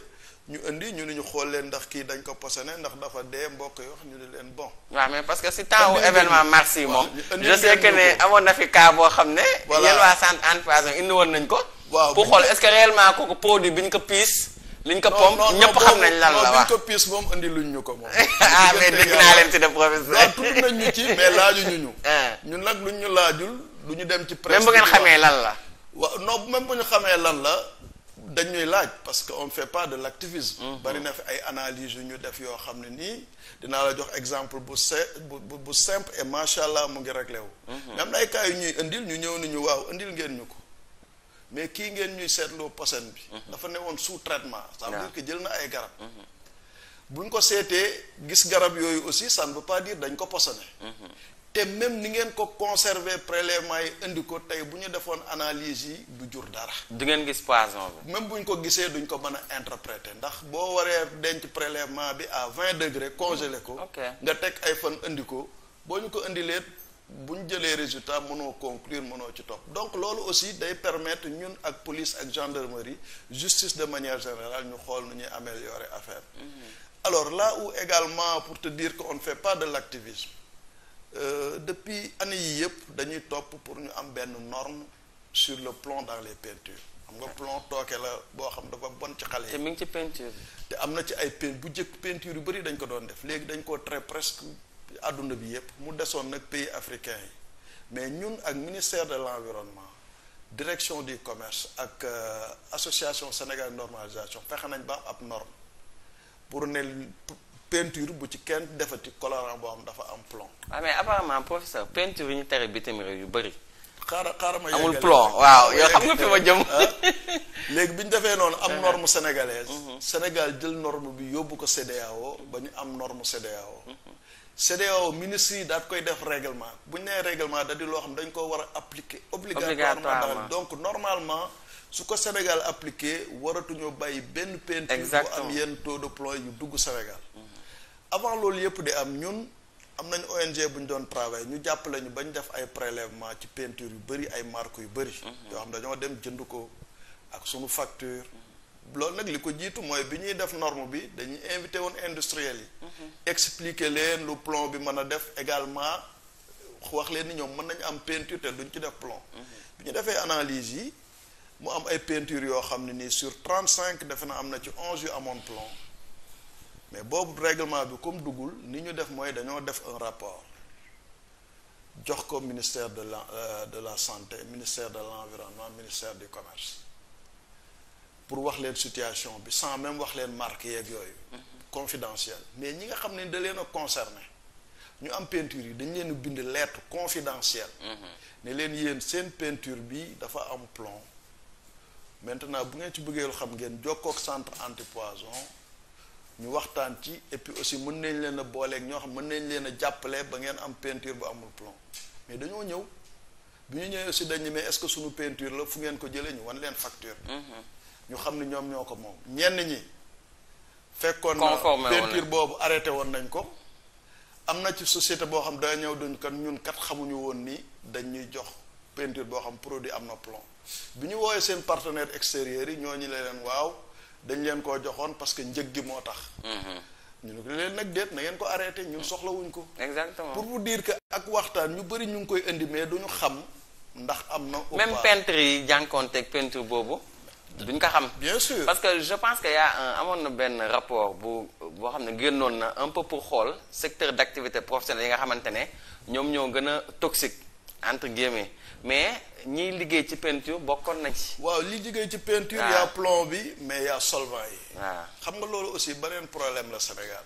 ñu indi ñu ne ñu xool leen ndax kii dañ ko posone ndax dafa dee mbokk yoo ñu ne leen bon. waaw mais parce que si temps événement yi moom. je na fi cas boo xam ne. voilà yéen waa indi woon nañ ko. waaw pour xool est-ce kooku produit bi ñu ko piis liñ ko pomp ñëpp xam nañ lan la wax ko piis moom andi luñ ñu ko moom. [laughs] ah mais dégg naa leen ci de professeur. waaw ñu ci [laughs] ah. ñun nag luñ ñu laajul du ñu dem ci. presse même bu ngeen xamee lan la. waaw non mem bu ñu xamee lan la dañuy laaj parce que on fait pas de l' activisme. Mm-hmm. bari na fi ay analyses yu ñu def yoo xam ne nii dinaa la jox exemple bu bu bu simple et macha allah mu ngi réglé wu. mais am mm-hmm. ñuy indil ñu ñëw ni ñu waaw indil ngeen ñu ko. mais kii ngeen ñuy seetloo posen bi. Mhm. dafa ne woon sous traitement. ça veut dire jël na ay garab. Mhm. buñ ko seetee gis garab yooyu aussi san ne veut pas dire dañ ko posone mhm. te même ni ngeen ko conserver prélèvement yi indi ko tey bu ñu defoon analyse yi du jur dara. di ngeen gis poison bi. même bu ñu ko gisee duñ ko mën a interpréter ndax boo waree denc prélèvement bi à vingt degré congelé ko. nga teg ay fan indi ko boo ñu ko indilee bu ñu jëlee résultat mënoo conclure mënoo ci topp donc loolu aussi day permettre ñun ak police ak gendarmerie justice de manière générale ñu xool nu ñuy améliorer affaire mhm. alors la où également pour te dire que on ne fait pas de l'activisme euh, depuis année yi yëpp dañuy topp pour ñu am benn norme sur le plomb dans les peintures xam nga plomb tooke la boo xam dafa bon ci xale yi. te ngi ci peinture te am na ci ay peint bu jëkk peinture yu bëri dañ ko doon def léegi dañ ko très presque àdduna bi yépp mu desoon nag pays africain yi mais ñun ak ministère de l'environnement direction du commerce ak euh, association Sénégal normalisation fexe nañ ba ab norme pour ne peinture bu ci kenn defati colorant boo xam dafa am plomb. waaw ah, mais apparemment professeur ñu tere bitim réew yu bëri. xaaral xaaral ma amul plomb xam nga fi ma [laughs] jëm. Ah, léegi bi ñu defee noonu am norme sénégalaise. Mhm. Sénégal jël norme bi yóbbu ko CEDEAO ba ñu am norme CEDEAO. Mhm. CEDEAO ministre yi daat koy def réglement bu ñu nee règlement da di loo xam dañ ko war a appliquer obligatoirement donc normalement su ko Sénégal appliqué waratuñoo bàyyi benn peinture bu am yenn taux de plomb yu dugg Sénégal avant loolu yëpp di am ñun am nañu ONG bu ñu doon travail ñu jàppale ñu bañ def ay prélèvement ci peinture yu bëri ay marque yu bëri mhm. yoo xam dañoo dem jënd ko ak suñu facture loolu nag li ko jiitu mooy bi ñuy def norme bi dañuy invité woon industriel yi. Mhm. expliquer leen lu plomb bi mën a def également wax leen ni ñoom mën nañu am peinture te duñ ci def plomb. Mhm. bi ñu defee analyse yi mu am ay peinture yoo xam ne ni sur trente cinq defe na am na ci onze yu amoon plomb mais boobu règlement bi comme duggul ni ñu def mooy dañoo def un rapport. jox ko ministère de la euh, de la santé ministère de l'environnement ministère du commerce. pour wax leen situation bi sans même wax leen marque yeeg yooyu. confidentiel mais ñi nga xam ne da leen a concerné ñu am peinture yi dañ leen bind lettre confidentielle. Mhm. ne leen yéen seen peinture bi dafa am plomb. maintenant bu ngeen ci bëggee xam ngeen jokkook centre antipoison ñu waxtaan ci et puis aussi mën nañ leen a booleeg ñoo xam mën nañ leen a jàppale ba ngeen am peinture bu amul plomb mais dañoo ñëw bu ñu ñëwee aussi dañ ne mais est-ce que suñu peinture la fu ngeen ko jëlee ñu wan leen facture. Mhm. ñu xam ne ñoom ñoo ko moom ñenn ñi fekkoon na peinture boobu arrêté woon nañ ko am na ci société boo xam daa ñëw duñ kan ñun kat xamuñu woon nii dañu ñuy jox peinture boo xam produit am na plomb bi ñu wooyee seen partenaire extérieur yi ñooñu la leen waaw dañ leen koo joxoon parce que njëg gi moo tax mhm. ñu ne leen nag déet na ngeen ko arrêté ñun soxlawuñ ko exactement pour vous diir que ak waxtaan ñu bëri ñu ngi koy indi mais duñu xam ndax am na même peintre yi jànkoonteeg boobu duñ ko xam. bien sûr parce que je pense que y' amoon na benn rapport bu boo xam ne génnoon na un peu pour xool secteur d' activité professionnelle yi nga xamante ne ñoom ñoo gën a toxique entre guillemets mais ñiy liggéey ci peinture bokkoon na ci. waaw li liggéey ci peinture. Ah. y' a plomb bi mais y' a yi. waaw ah. xam nga loolu aussi beneen problème la Sénégal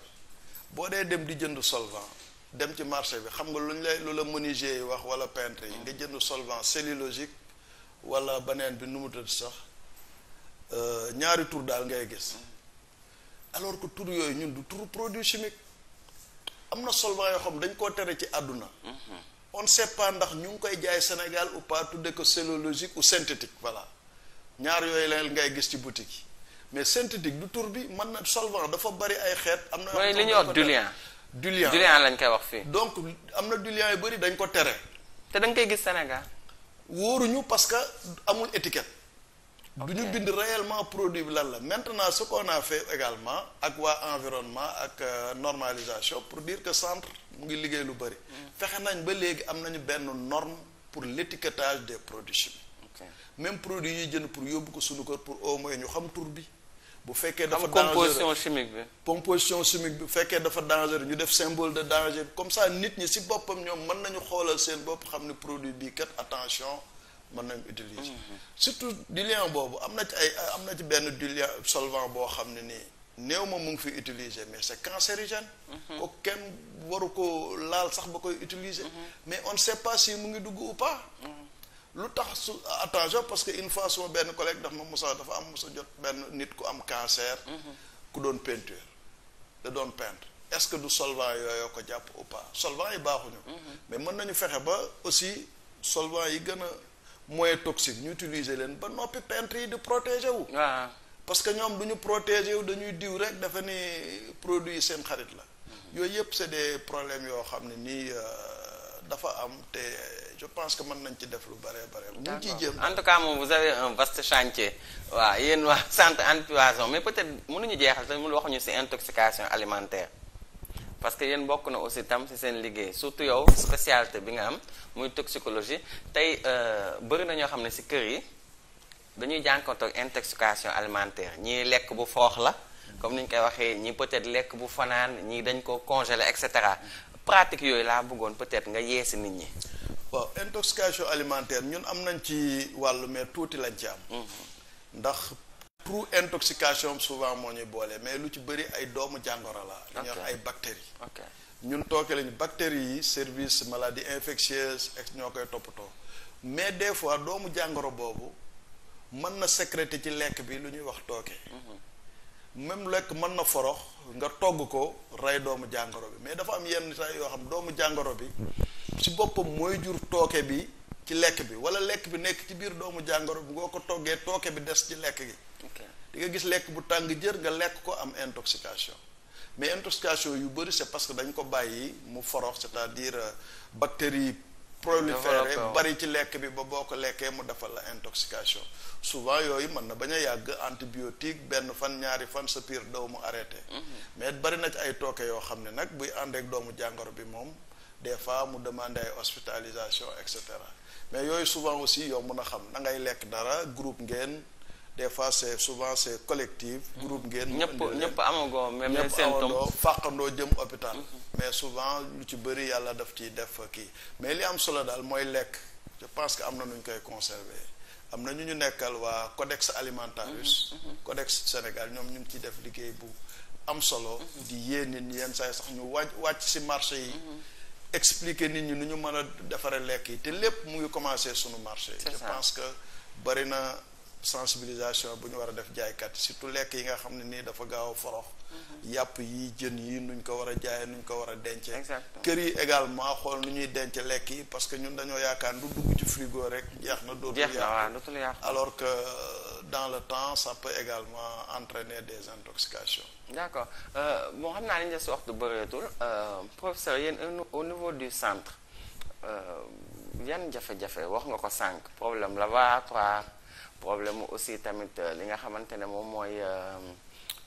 boo dee dem di jënd solvant dem ci marché bi xam nga luñ lay lu la menuisier yi wax wala peintre yi nga jënd solvant cellulosique wala beneen bi nu mu tudd Euh, ñaari tour daal ngay gis alors que tour yooyu ñun du tour produit chimique am na solvant yoo xam dañ koo tere ci àdduna mhm. on ne sait ndax ñu ngi koy jaay Sénégal ou pas tudde ko cellulosique ou synthétique voilà ñaar yooyu leen ngay gis ci boutique yi mais synthétique du tour bi mën na solvant dafa bari ay xeet am na mooy li ñu wax diluant diluant diluant lañ koy wax fii donc am na diluant yu bëri dañ ko tere te da koy gis Sénégal wóoruñu parce que amul étiquette du ñu bind réellement produit bi lan la maintenant ce qu'on a fait également ak waa environnement ak euh, normalisation pour dire que centre mu ngi liggéey lu bëri mm. fexe nañ ba léegi am nañu benn norme pour l'étiquetage des produits chimiques okay. produit yi jënd pour yóbbu ko suñu kër pour au moins ñu xam tur bi bu fekkee dafa dangereux composition chimique bi composition chimique bu fekkee dafa danger ñu def symbole de danger comme ça nit ñi si boppam ñoom mën nañu xoolal seen bopp xam ni produit bii kat attention mën nañ utiliser. surtout diluant boobu am na ci ay am na ci benn diluant solvant boo xam ne nii néew ma mu ngi fi utiliser mais c'est cancérigène. Mhm. ko kenn waru ko laal sax ba koy utiliser. Mhm. mais on ne sait mu ngi dugg ou pas. Mhm. lu tax su attention parce que une fois suma benn collègue daf ma musa dafa am musa jot benn nit ku am cancer. ku doon peinture da doon peindre est-ce que du solvant yooyu ko jàpp ou pas solvant yi baaxuñu. mais mën nañu fexe ba aussi solvant yi gën a. mooy toxique ñu utiliser leen ba noppi peintre yi di protéger wu. Ah. parce que ñoom du ñu protéger wu dañuy diw rek dafa ni produit seen xarit la. Mhm. yooyu yëpp c'est des problèmes yoo xam ne nii euh, dafa am te je pense que mën nañ ci def lu bëree bëri. ñu ngi ciy jéem en tout cas moom vous avez un vaste chantier. waaw yéen waa [laughs] centre anti poison mais peut-être mënuñu jeexal te mënu waxuñu si intoxication alimentaire. parce que yéen bokk na aussi tam ci seen liggéey surtout yow spécialité bi nga am muy toxicologie tey euh, bëri na ñoo xam ne ci kër yi dañuy jànkoonte ak alimentaire ñii lekk bu foox la comme ni ñu koy waxee ñii peut-être lekk bu fanaan ñii dañ ko congeler et cetera pratique yooyu laa bëggoon peut-être nga yeesi nit ñi. waaw intoxication alimentaire ñun am nañ ci wàll mais tuuti lañ ci am. Mm-hmm. ndax pour intoxication souvent moo ñuy boolee mais lu ci bëri ay doomu jàngoro la dañuy wax ay bactéries ñun tooke lañu bactéries yi service maladie infectieuse et ñoo koy toppatoo mais des fois doomu jàngoro boobu mën na sécréter ci lekk bi lu ñuy wax tooke mhm. même lekk mën na forox nga togg ko rey doomu jàngoro bi mais dafa am yenn saa yoo xam doomu jàngoro bi si boppam mooy jur tooke bi ci lekk bi wala lekk bi nekk ci biir doomu jàngoro bi ngoo ko toggee tooke bi des ci lekk gi di nga gis lekk bu tàng jër nga lekk ko am intoxication mais intoxication yu bëri c'est parce que dañ ko bàyyi mu forox c'est-à-dire euh, bactéries proliféré bari ci lekk bi ba boo ko lekkee mu defal la intoxication souvent yooyu mën na bañ a yàgg antibiotique benn fan ñaari fan sa piir doo mu arrêté mhm. mais bari na ci ay tooke yoo xam ne nag buy àndeek doomu jàngoro bi moom des fois mu demandé ay hospitalisation et cetera mais yooyu souvent aussi yow mun a xam da ngay lekk dara groupe ngeen des fois c'est souvent c'est collectif. groupe ngeen. ñëpp ñëpp amagoo même seen tom ñëpp fàqandoo jëm hôpital. Mhm. mais souvent lu ci bëri yàlla daf ci def kii mais li am solo daal mooy lekk je pense que am na nu ñu koy conserver am na ñu ñu nekkal waa codex alimentarius. Mhm, mhm, codex Sénégal ñoom ñu ngi ciy def liggéey bu am solo. di yee nit ñi yenn saa sax ñu wàcc wàcc si marché yi. expliquer nit ñu nu ñu mën a defaree lekk yi te lépp mu ngi commencer sunu marché. je pense que bari na. sensibilisation bu ñu war a def jaaykat surtout lekk yi nga xam ne nii dafa gaaw a forox mhm. yàpp yi jën yi nuñ ko war a jaayee nuñ ko war a denc kër yi également xool nu ñuy denc lekk yi parce que ñun dañoo yaakaar du dugg ci frigo rek jeex na dootul yàqu alors que euh, dans le temps ça peut également entraîner des intoxications d'accord moo euh, xam naa li ñu des waxtu bëreetul euh, professeur yéen au niveau du centre yan jafe-jafe wax nga ko sànq problème lavatoire problème aussi tamit euh, li nga xamante ne moom mooy euh,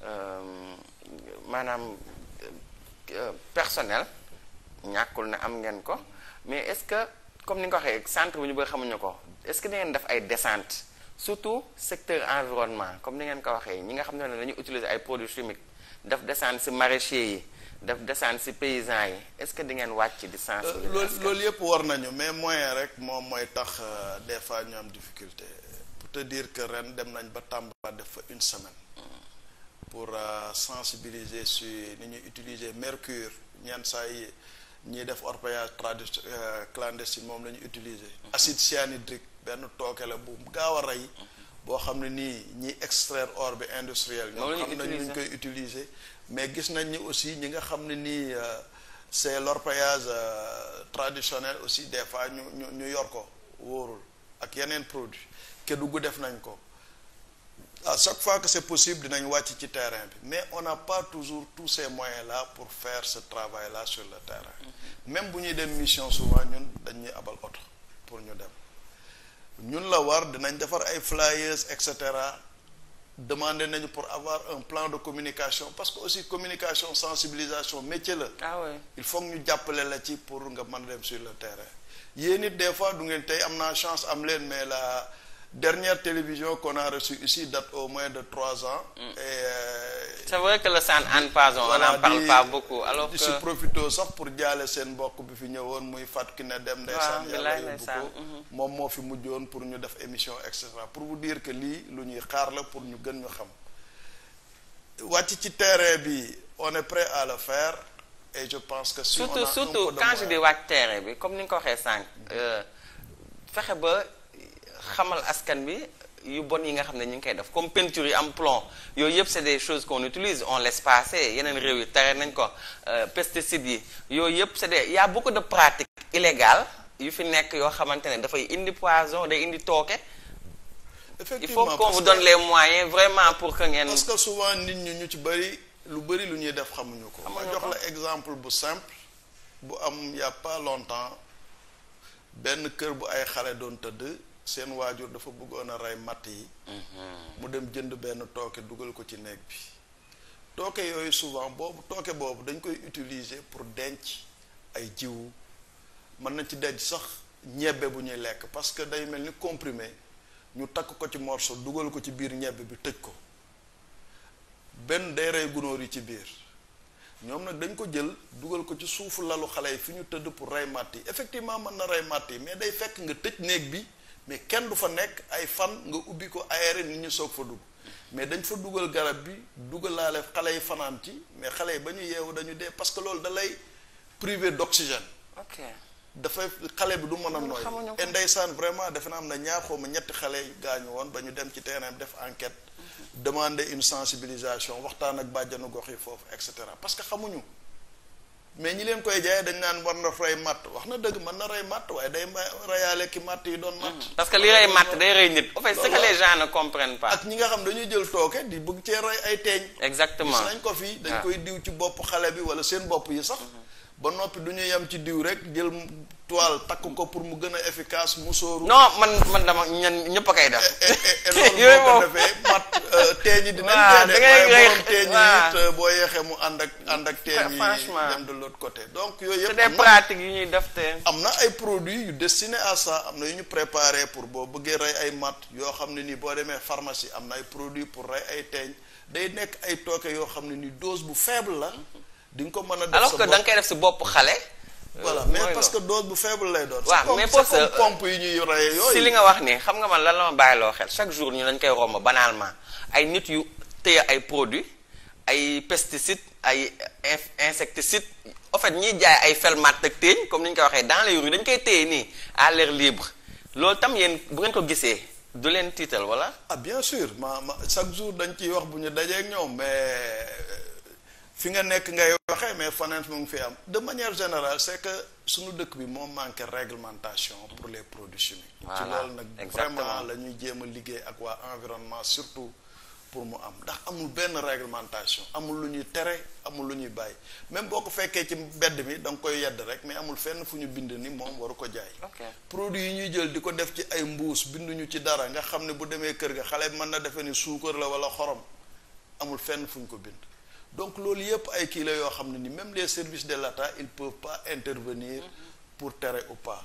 euh, maanaam personnel ñàkkul na am ngeen ko mais est-ce que comme ni nga waxee centre bi ñu bëgg xamuñu ko est-ce que da def ay descente surtout secteur environnement comme ni ngeen ko waxee ñi nga xam ne dañuy utiliser ay produits chimiques def descente ci maraîchers yi def descente si paysans yi est-ce que di ngeen wàcc di sensibiliser loolu loolu yëpp war nañu mais moyen rek moom mooy tax des fois ñu am difficulté te dire que ren dem nañ ba Tamba def fa une semaine pour euh, sensibiliser sur ni ñuy utiliser mercure ñenn saa yi ñiy def orpaillage tradi- euh, clandestin moom la ñu utiliser mhm. acide cyanhydrique benn tooke bu gaaw a rey mhm. boo xam ne nii ñiy extraire or bi industriel ñoom xam nañ ñu koy utiliser mais gis nañ ni aussi ñi nga xam ne nii euh, c'est l'orpaillage traditionnel aussi des fois ñu ñu ñu yor ko wóorul ak yeneen produit Kédougou def nañ ko à chaque fois que c'est possible dinañ wàcc ci terrain bi mais on n'a pas toujours tous ces moyens là pour faire ce travail là sur le terrain mm-hmm. même bu ñuy dem mission souvent ñun dañuy abal oto pour ñu dem ñun la war dinañ defar ay flyers et cetera demander nañu pour avoir un plan de communication parce que aussi communication sensibilisation métier la ah il faut ñu jàppale la ci pour nga mën a dem sur le terrain yéen it des fois du ngeen tey am naa chance am leen mais la dernière télévision qu'on a reçue ici au moins de trois ans. Mm. et euh, c'est que le Hann en pason on n'en parle pas beaucoup alors que. di si profité sax pour jaale seen mbokk bi fi ñëwoon muy Fatou Kiné Deme. ndeysaan yàlla yóbbu ko mm-hmm. moom moo fi mujjoon pour ñu def émission et cetera pour bu dire que lii lu ñuy xaar la pour ñu gën ñu xam. wàcc ci terrain bi on est prêt à le faire et je pense que. si surtout, on a surtout surtout quand je dis bi comme ni nga ko waxee sànq euh, fexe xamal askan bi yu bon yi nga xam ne ñu ngi koy def comme peinture yi am plomb yooyu yëpp c'est des choses qu'on utilise on les passer yeneen réew yi tere nañ ko euh, pesticides yi yooyu yëpp c'est des y ko beaucoup pratique pratiques illégales yu fi nekk yoo xamante ne dafay indi poison day indi tooke il faut qu'on vous donne les moyens vraiment pour que ngeen parce que souvent nit ñi ñu ci bëri lu bëri lu ñuy def xamuñu ko ma jox la exemple bu simple bu am y a pas longtemps benn kër bu ay xale doon tëdd seen waajur dafa bëggoon a rey matt yi mhm. mu dem jënd benn tooke dugal ko ci néeg bi tooke yooyu souvent boobu tooke boobu dañ koy utiliser pour denc ay jiw mën na ci denc sax ñebbe bu ñuy lekk parce que day mel ni comprimé ñu takk ko ci morceau dugal ko ci biir ñebbe bi tëj ko benn day rey gunóor yi ci biir ñoom nag dañ ko jël dugal ko ci suufu lalu xale yi fi ñu tëdd pour rey matt yi effectivement mën na rey matt yi mais day fekk nga tëj néeg bi mais kenn du fa nekk ay fan nga ubbi ko aéré ni ñu soog fa dugg mais dañ fa dugal garab bi dugalaale xale yi fanaan ci mais xale yi ba ñu yeewu dañu dee parce que loolu da lay privé d'oxygène ok dafay xale bi du mën a nooy e ndeysaan vraiment defe naa am na ñaar ma ñetti xale yi gaañu woon ba ñu dem ci terrain def enquête mhm. demander une sensibilisation waxtaan ak bàjjanu gox yi foofu et cetera parce que xamuñu mais ñi leen koy jaayee dañ naan war na rey matt wax na dëgg mën na rey matt waaye day reyaale ki matt yi doon matt mm-hmm. parce que li rey matt day rey nit en fait ce que les gens pas ak ñi nga xam dañuy jël tooke di bëgg cee rey ay teeñ exactement gis nañ ko fii dañ ah. koy diw ci bopp xale bi wala seen bopp yi sax mm-hmm. ba noppi du ñu yem ci diw rek jël toile takk ko pour mu gën a efficace musóoru. non man man dama ñan ñëpp a koy def. Eh, eh, eh, [laughs] yooyu moom loolu boo ko defee mat euh, teeñ yi dinañ. waaw euh, boo yeexee mu ànd ak ànd ak. teeñ de l' côté. donc yooyu yëpp am des pratiques yu ñuy def te. am na ay produits yu destiné à ça am na yu ñu préparé pour boo bëggee rey ay mat yoo xam ne nii boo demee pharmacie am na ay produits pour rey ay teeñ day nekk ay tooke yoo xam ne nii dose bu faible la. di nga ko mën a def alors que da koy def si bopp xale. Euh, voilà mais parce que dose bu faible lay doon. waaw mais parce que pompe yi ñuy rey euh, yooyu. si li nga wax nii xam nga man lan la ma bàyyiloo xel chaque jour ñu dañ koy romb banalement ay nit yu téye ay produits ay pesticides ay insecticides en fait ñiy jaay ay felmat ak téeñ comme ni ñu koy waxee dans les rues dañ koy téye nii à l'air libre loolu tam yéen bu ngeen ko gisee du leen tiital wala. ah bien sûr ma ma chaque jour dañ ciy wax bu ñu dajee ak ñoom fi nga nekk ngay waxee mais faneen mu ngi am de manière générale c'est que suñu dëkk bi moom manqué réglementation pour les produits chimiques ci nag vraiment la ñuy jéem a liggéey ak waa environnement surtout pour mu am ndax amul benn réglementation amul lu ñuy tere amul lu ñuy bàyyi même boo ko fekkee ci mbedd mi da koy yedd rek mais amul fenn fu ñu bind ni moom waru ko jaay produit yi ñuy jël di ko def ci ay mbuus binduñu ci dara nga xam ne bu demee kër ga xale mën na defee ni suukar la wala xorom amul fenn fu ñu ko bind donc loolu yëpp ay kii la yoo xam ne nii même les services de l'État il peuvent pas intervenir pour tere ou pas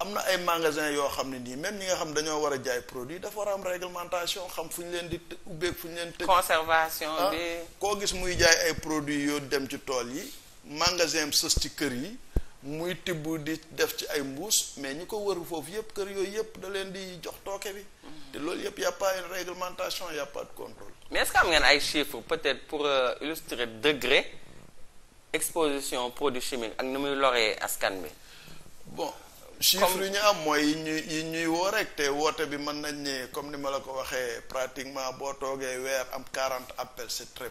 am na ay magasins yoo xam ne nii même ñi nga xam dañoo war a jaay produit dafa war a am réglementation xam fu ñu leen di ubbeeg fu ñu leen tëj conservation bi ah, koo gis muy jaay ay produits yoo dem ci tool yi magasin sës ci kër yi muy tibb di def ci ay mbuus mais ñi ko wër foofu yëpp kër yooyu yëpp da leen di jox tooke bi. Mhm. te loolu yëpp y' a une réglementation y' a pas mais est-ce am ngeen ay chiffres peut-être pour euh, illustrer degré exposition produit chimique ak ni muy loree askan bi. bon chiffres yi ñu am mooy yi ñuy woo rek te woote bi mën nañ ni comme ni ma la ko waxee pratiquement boo toogee weer am 40 appels c'est très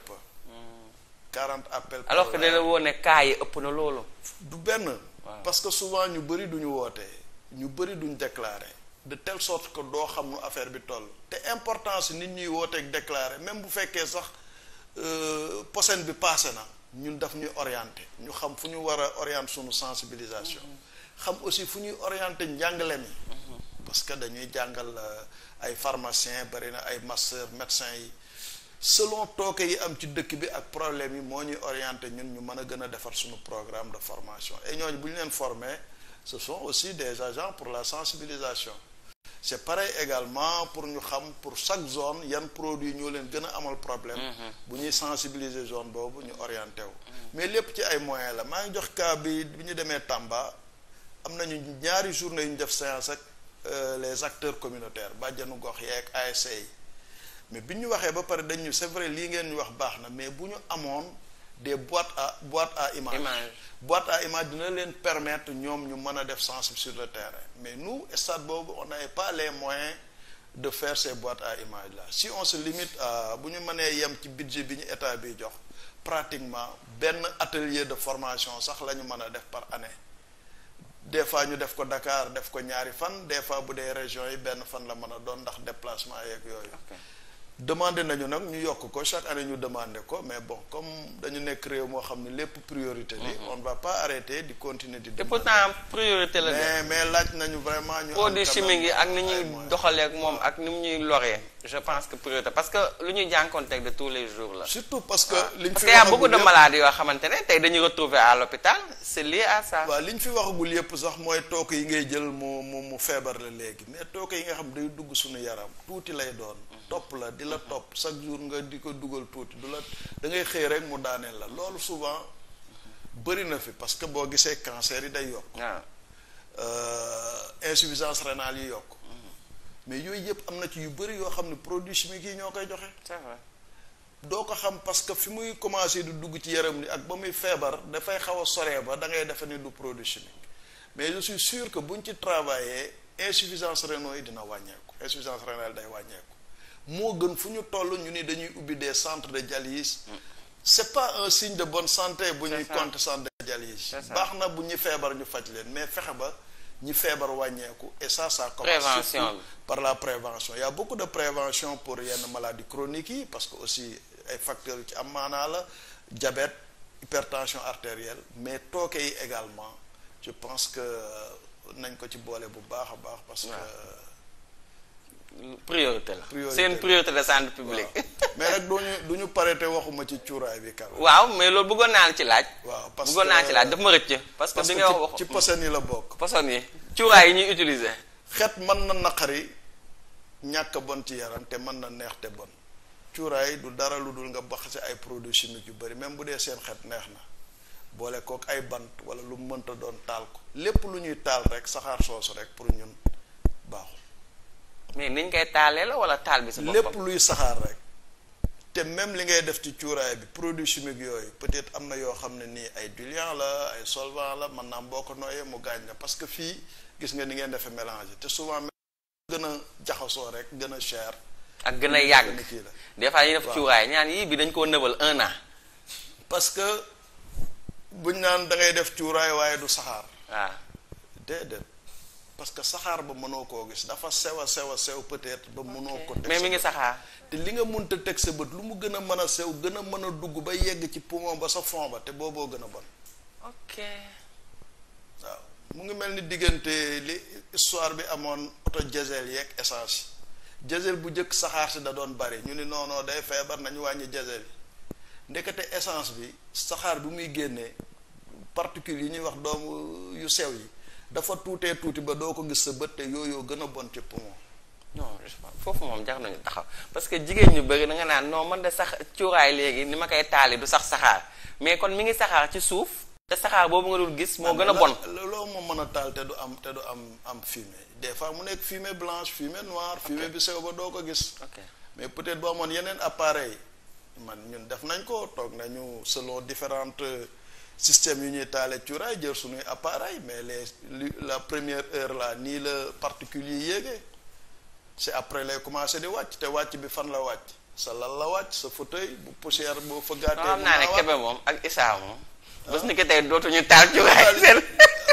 40 appels. alors que da la woo ne cas yi ëpp na loolu. du benn. parce que souvent ñu bëri duñu wootee ñu bëri duñ déclaré de telle sorte que doo xam nu affaire bi toll te important importance nit ñuy wooteeg déclaré même bu fekkee sax euh, posen bi passé na ñun daf ñuy orienté ñu xam fu ñu war a orienté sunu sensibilisation. Mm-hmm. xam aussi fu ñuy orienté njàngale mi. Mm-hmm. parce que dañuy jàngal euh, ay pharmaciens bari na ay masseurs médecins yi. selon tooke yi am ci dëkk bi ak problème yi moo ñuy orienté ñun ñu mën a gën a defar suñu programme de formation et ñooñu bu ñu leen formé ce sont aussi des agents pour la sensibilisation c'est pareil également pour ñu xam pour chaque zone yan produit ñoo leen gën a amal problème mm-hmm. bu ñuy sensibiliser zone boobu ñu orienté wu mm-hmm. mais lépp ci ay moyens la maa ngi jox kaa bi bi ñu demee Tamba am nañu ñaari journée yu ñu def séance ak euh, les acteurs communautaires bàjjanu gox yeeg ASC e mais bi ñu waxee ba pare dañu c'est vrai lii ngeen ñu wax baax na mais bu ñu amoon des boîtes à boîtes à image boîte à image dina leen permettre ñoom ñu mën a def sensible sur le terrain mais nu stade boobu on n'avait pas les moyens de faire ces boîtes à image la si on se limite à bu ñu mënee yem ci budget bi ñu état bi jox pratiquement benn atelier de formation sax la ñu mën a def par année des fois ñu def ko Dakar def ko ñaari fan des fois bu dee région yi benn fan la mën a doon ndax déplacement yeeg yooyu demandé nañu nag ñu yokk ko chaque année ñu demandé ko mais bon comme dañu nekk réew moo xam ne lépp priorité li mm-hmm. on ne va pas arrêter di continuer di demander pourtant priorité la mais mais laaj nañu vraiment ñu produits chimiques yi ak ni ñuy doxalee ak moom ak ni mu ñuy loree je pense que priorité parce que lu ñuy jànkoonteeg de tous les jours la surtout parce que ah. li ñu fi parce que xamante ne tey dañuy à l'hôpital c'est lié à ça li ñu fi waxagul yëpp sax mooy took yi ngay jël mu mu mu feebar la léegi mais took yi nga xam day dugg suñu yaram tuuti lay doon topp la di la topp chaque jour nga di ko dugal tuuti du la dangay xëy rek mu daaneel la loolu souvent bëri na fi parce que boo gisee cancer yi day yokk ah. euh, insuffisance rénale yi yokk mais yooyu yëpp am na ci yu bëri yoo xam ne produit chimiques yi ñoo koy joxe c'est doo ko xam parce que fi muy commencé du dugg ci yaram ni ak ba muy feebar dafay xaw a soree ba da ngay defe ni du produit chimique mais je suis sûr bu ñu ci travailler insuffisance rénale yi dina wàññeeku insuffisance rénale day wàññeeku moo gën fu ñu toll ñu nii dañuy ubbi des centres de jalis c'est pas un sign de bonne santé bu ñuy compte centre de dialyse baax na bu ñu feebar ñu faj leen mais fexe ba ñi feebar wàññeeku et ça ça commence surtout par la prévention il y a de prévention pour yenn maladies chroniques yi parce que aussi ay facteurs yu ci am maanaa la diabète hypertension artérielle mais tooke yi également je pense que nañ ko ci boole bu baax a baax parce que priorité la seen priorité de santé publique. mais nag du ñu du ñu parete waxuma ci cuuraay bi kar waaw mais loolu bëggoon naa la ci laaj. waaw parce que bëggoon naa ci laaj daf ma que bi nga wax ci poson yi la bokk. poson yi cuuraay yi ñuy utiliser. xet mën na naqari ñàkk bon ci yaram te mën na neex te bon cuuraay du dara lu dul nga bax si ay produits chimiques yu bëri même bu dee seen xet neex na boole kook ay bant wala lu mënta doon taal ko lépp lu ñuy taal rek saxaar soosu rek pour ñun baaxul. mais ni ñu koy taalee la wala taal bi sa boppam lépp luy saxaar rek te même li ngay def ci cuuraay bi produit chimique yooyu peut-être am na yoo xam ne nii ay diluant la ay solvant la mën naa boo ko nooyee mu gaañ la parce que fii gis nga ni ngeen defee mélange te souvent gën a jaxasoo rek gën a cher ak gën a yàgg des fois ñu def cuuraay ñaan yii bi dañ koo nëbal un an parce que buñ naan da ngay def cuuraay waaye du saxaar waaw ah. déedéet parce que saxaar ba mënoo koo gis dafa sew a sew a peut-être ba mënoo ko teg mais mi ngi saxaar te li nga mënta teg sa bët lu mu gën a mën a sew gën a mën a dugg ba yegg ci poumon ba sa fond ba te booboo gën a bon ok waaw mu ngi mel ni diggante li histoire bi amoon oto diesel yeeg essence diesel bu njëkk saxaar si da doon bari ñu ni noonoo day feebar nañu wàññi diesel yi ndekete essence bi saxaar bi muy génnee particules yi ñuy wax doom yu sew yi dafa tuutee tuuti ba doo ko gis sa bët te yooyu gën a bon ci poumon. non foofu moom jar nañu taxaw parce que jigéen ñu bëri da nga naan non man de sax cuuraay léegi ni ma koy taali du sax saxaar mais kon mi ngi saxaar ci suuf te saxaar boobu nga dul gis moo gën a bon ah, loolu moom mën a taal te du am te du am am fumée des fois mu nekk fumée blanche fumée noire fumée bi sew ba doo ko gis mais peut-être boo amoon yeneen appareil man ñun def nañ ko toog nañu selon différentes système yu ñuy taale cuuraay jël suñuy appareil mais les la première heure là nii la particules yi yéegee c'est après lay commencé di wàcc te wàcc bi fan la wàcc sa lal la wàcc sa fauteuil bu poussière boo fëggaatee xam naa ne Kébé moom ak Issa moom ah. bés ni ko tey dootuñu taal cuuraay seen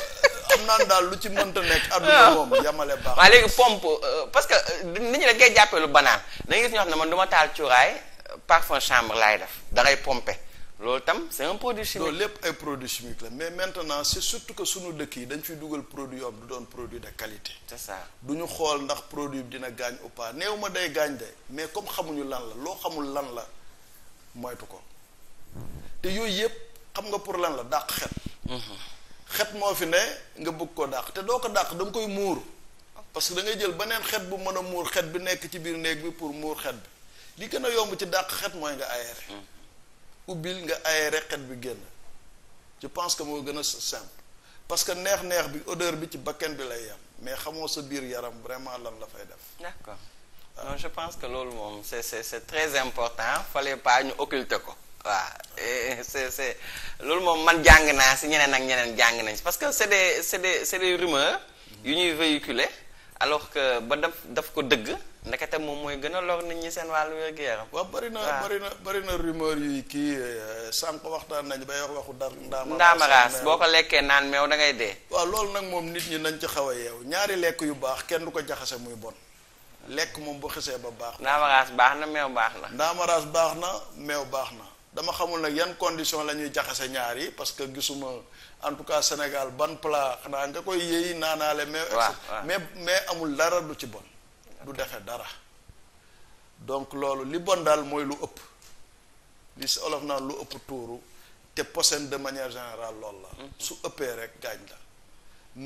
[laughs] am naan daal lu ci mënta nekk adduna ah. moom yamale baax waaw léegi pompe euh, parce que euh, nit ñi da ngay jàppee lu banaan da ngay gis ñoo xam ne man du ma taal cuuraay euh, parfum chambre laay def da ngay pomper loolu tam c'est un produit chimique. lépp ay produits chimiques la mais maintenant c'est surtout que sunu dëkk yi dañ ciy dugal produit yoo xam du doon produit de qualité. c'est du ñu xool ndax produit bi dina gaañ ou pas néew ma day gaañ de mais comme xamuñu lan la loo xamul lan la moytu ko te yooyu yëpp xam nga pour lan la dàq xet. Mm-hmm. xet moo fi ne nga bëgg ko dàq te doo ko dàq da koy muur parce que da ngay jël beneen xet bu mën a muur xet bi nekk ci biir néeg bi pour muur xet bi li gën a yomb ci dàq xet mooy nga aéré. Mm-hmm. ubbil nga ay reqet bi génn je pense que moo gën a simple parce que neex-neex bi odeur bi ci bakken bi lay yem mais xamoo sa biir yaram vraiment lan la fay def. d'accord ah. non je pense que loolu moom c'est c'est c'est très important fallait pas ñu occulter ko. waaw c'est c'est loolu moom man jàng naa si ñeneen ak ñeneen jàng nañ parce que c'est des c'est des c'est des rumeurs mm-hmm. yu ñuy véhiculer alors que ba daf daf ko dëgg. ndekete moom mooy gën a lor nañ ñi seen wàllu wér-gu-yaram. waaw bëri na bëri na bëri na rumeur yi kii euh, sànq waxtaan nañu bay wax waxu dar ndaamaraas boo ko lekkee naan meew da ngay dee. waaw loolu nag moom nit ñi nañ ci xaw a yeew ñaari lekk yu baax kenn du ko jaxase muy bon lekk moom bu xisee ba baax. ndaamaraas baax na meew baax na. ndaamaraas baax na meew baax na. dama xamul nag yan condition la ñuy jaxase ñaar yi parce que gisuma en tout cas Sénégal ban plat xanaa nga koy yéey naanaale. mais mais amul dara du ci bon. du defe dara donc loolu li bon daal mooy lu ëpp li si olof naan lu ëpp tuuru te posen de manière général loolu la mm-hmm. su ëppee rek gaañ la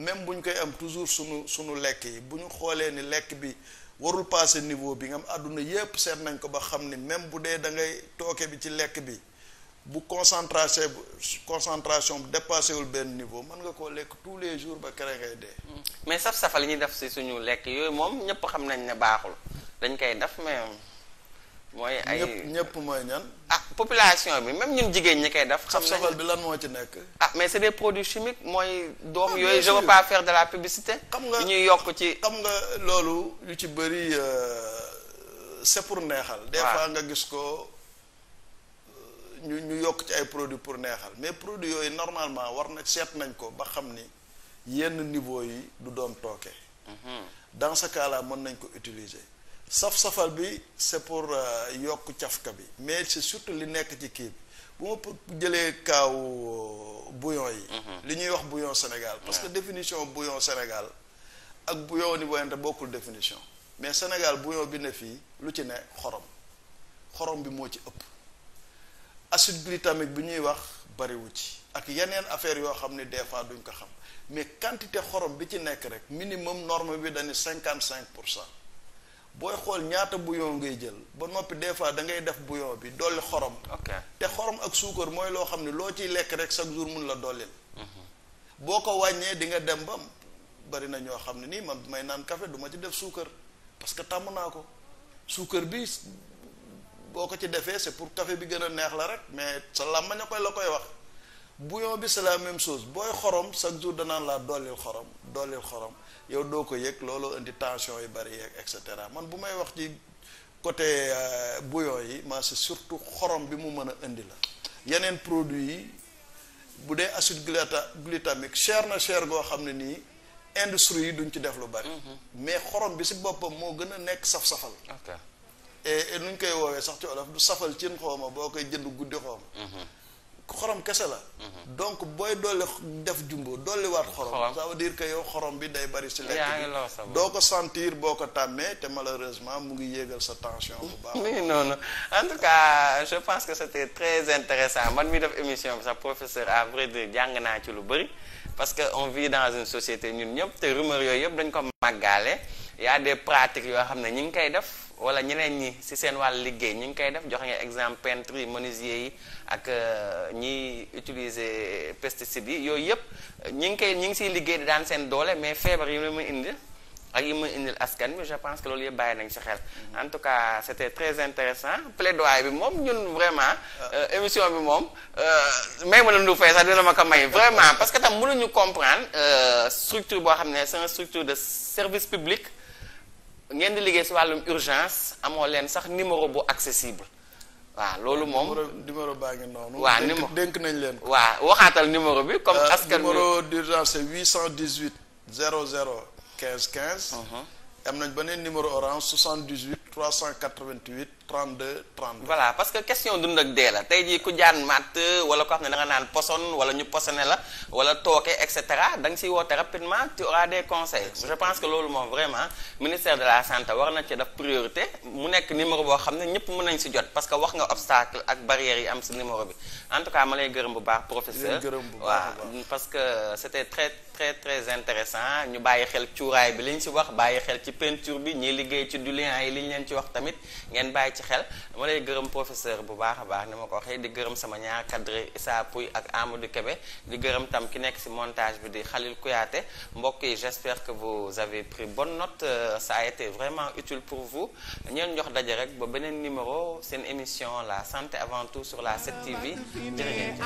même bu ñu koy am toujours sunu sunu lekk yi bu ñu xoolee ni lekk bi warul passé niveau bi nga am àdduna yépp seet nañ ko ba xam ni même bu dee da ngay tooke bi ci lekk bi bu concentration concentration bu dépassé wul benn niveau mën nga koo lekk tous les jours ba kere ngay dee. Mm. mais saf-safa li ñuy def si suñu lekk yooyu moom ñëpp xam nañ ne baaxul dañ koy def mais mooy. ay ñëpp ñëpp mooy ñan. ah population bi même ñun jigéen ñi koy def. xam nañ saf-safal bi lan moo ci nekk. ah mais c'est des produit chimique mooy. doom ah, yooyu je veux pas de la publicité. xam nga ñuy yokk ci. xam nga loolu yu ci bëri euh, c'est pour neexal. des nga gis ko. ñu ñu yokk ci ay produits pour neexal mais produits yooyu normalement war na seet nañ ko ba xam ni yenn niveau yi du doon tooke. Mhm. dans ce cas mën nañ ko utiliser. saf-safal bi c'est pour euh, yokk cafka bi mais c'est surtout li nekk ci kii bi bu ma jëlee kaaw euh, bouillon yi. Mhm. li ñuy wax bouillon Sénégal. parce que définition bouillon Sénégal ak bouillon au niveau inter bokkul définition mais Sénégal bouillon bi ne fii lu ci ne xorom xorom bi moo ci ëpp. acide glycémique bi ñuy wax bariwu ci ak yeneen affaire yoo xam ne des fois duñ ko xam mais quantité xorom bi ci nekk rek minimum norme bi dañu cinquante cinq pour cent booy xool ñaata bouillon ngay jël ba noppi des fois da ngay def bouillon bi dolli xorom. te xorom ak suukar mooy loo xam ne loo ciy lekk rek chaque jour mun la dollil. Mhm. boo ko wàññee di nga dem ba bari na ñoo xam ne nii man may naan café duma ci def suukar parce que tàmm naa ko suukar bi. boo ko ci defee c'est pour café bi gën a neex la rek mais sa làmmañ a koy la koy wax bouillon bi c'est la même chose booy xorom chaque jour danaan laa dollil xorom dollil xorom yow doo ko yëg looloo indi tension yu bari yeeg et cetera man bu may wax ci côté euh, bouillon yi maa c'est surtout xorom bi mu mën a indi la yeneen produit yi bu dee acide glutamique cher na cher goo xam ne nii industrie yi duñ ci def lu bari mm-hmm. mais xorom bi si boppam moo gën a nekk saf-safal et eh, eh, nu ñu koy woowee sax ci olof du safal cin xooma boo koy jënd guddi xooma mhm. xorom kese la mhm. donc booy dolli def jumbo dolli waat xorom ça veut dire que yow xorom bi day bari si lekk bi doo ko sentir boo ko tàmmee te malheureusement mu ngi yéegal sa tension bu baax mi ngi noonu en tout cas je pense que c'était très intéressant man mi def émission bi sax professeur à vrai dire jàng naa ci lu bëri parce que on vit dans une société ñun ñëpp te rumeur yooyu yëpp dañ ko màggaale y a des pratiques yoo xam ne ñi ngi koy def wala ñeneen ñi si seen wàll liggéey ñi ngi koy def joxe nga exemple peintre yi menuisier yi ak euh, ñiy utiliser pesticides yi yooyu yëpp ñi ngi koy ñi ngi siy liggéey di daan seen doole mais feebar yi mu indi ak yi mu indi askan bi je pense que loolu yëpp bàyyi nañ ci xel mm-hmm. en tout cas c'était très intéressant plaidoyer bi moom ñun vraiment ah. euh, émission bi moom euh, may ma la ndu fay sax dina ma ko may vraiment parce que tam mënuñu comprendre structure boo xam ne c'est une de service public ngeen di liggéey si wàllum urgence amoo leen sax numéro bu accessible waaw loolu moom. numéro baa ngi noonu. waa numéro dénk nañ leen ko. waxaatal numéro bi comme. Euh, askan bi numéro d'urgence c'est 818 00 15 15. am nañ beneen numéro orange 78 388. 32 32. voilà parce que question dund ak dee la tey jii ku jaan matt wala ko xam ne da naan poson wala ñu posone la wala tooke et cetera da nga siy woote rapidement tu auras des conseils. je pense que loolu moom vraiment ministère de la santé war na ci def priorité mu nekk numéro boo xam ne ñëpp mën nañ si jot parce que wax nga obstacle ak barrière yi am si numéro bi en tout cas ma lay gërëm bu baax. professeur waaw parce que c' était très très très intéressant ñu bàyyi xel cuuraay bi li ñu si wax bàyyi xel ci peinture bi ñiy liggéey ci du yi li ñu leen wax tamit bàyyi. ci xel dama lay gërëm professeur bu baax a baax ni ma ko waxee di gërëm sama ñaar cadre Issa Pouy ak Amadou Kébé di gërëm tam ki nekk si montage bi di Khalil Kouyaté mbokk yi j'espère que vous avez pris bon note euh, ça été vraiment utile pour vous ñeen jox daje rek ba beneen numéro seen émission la santé avant tout sur la 7TV ah, jërë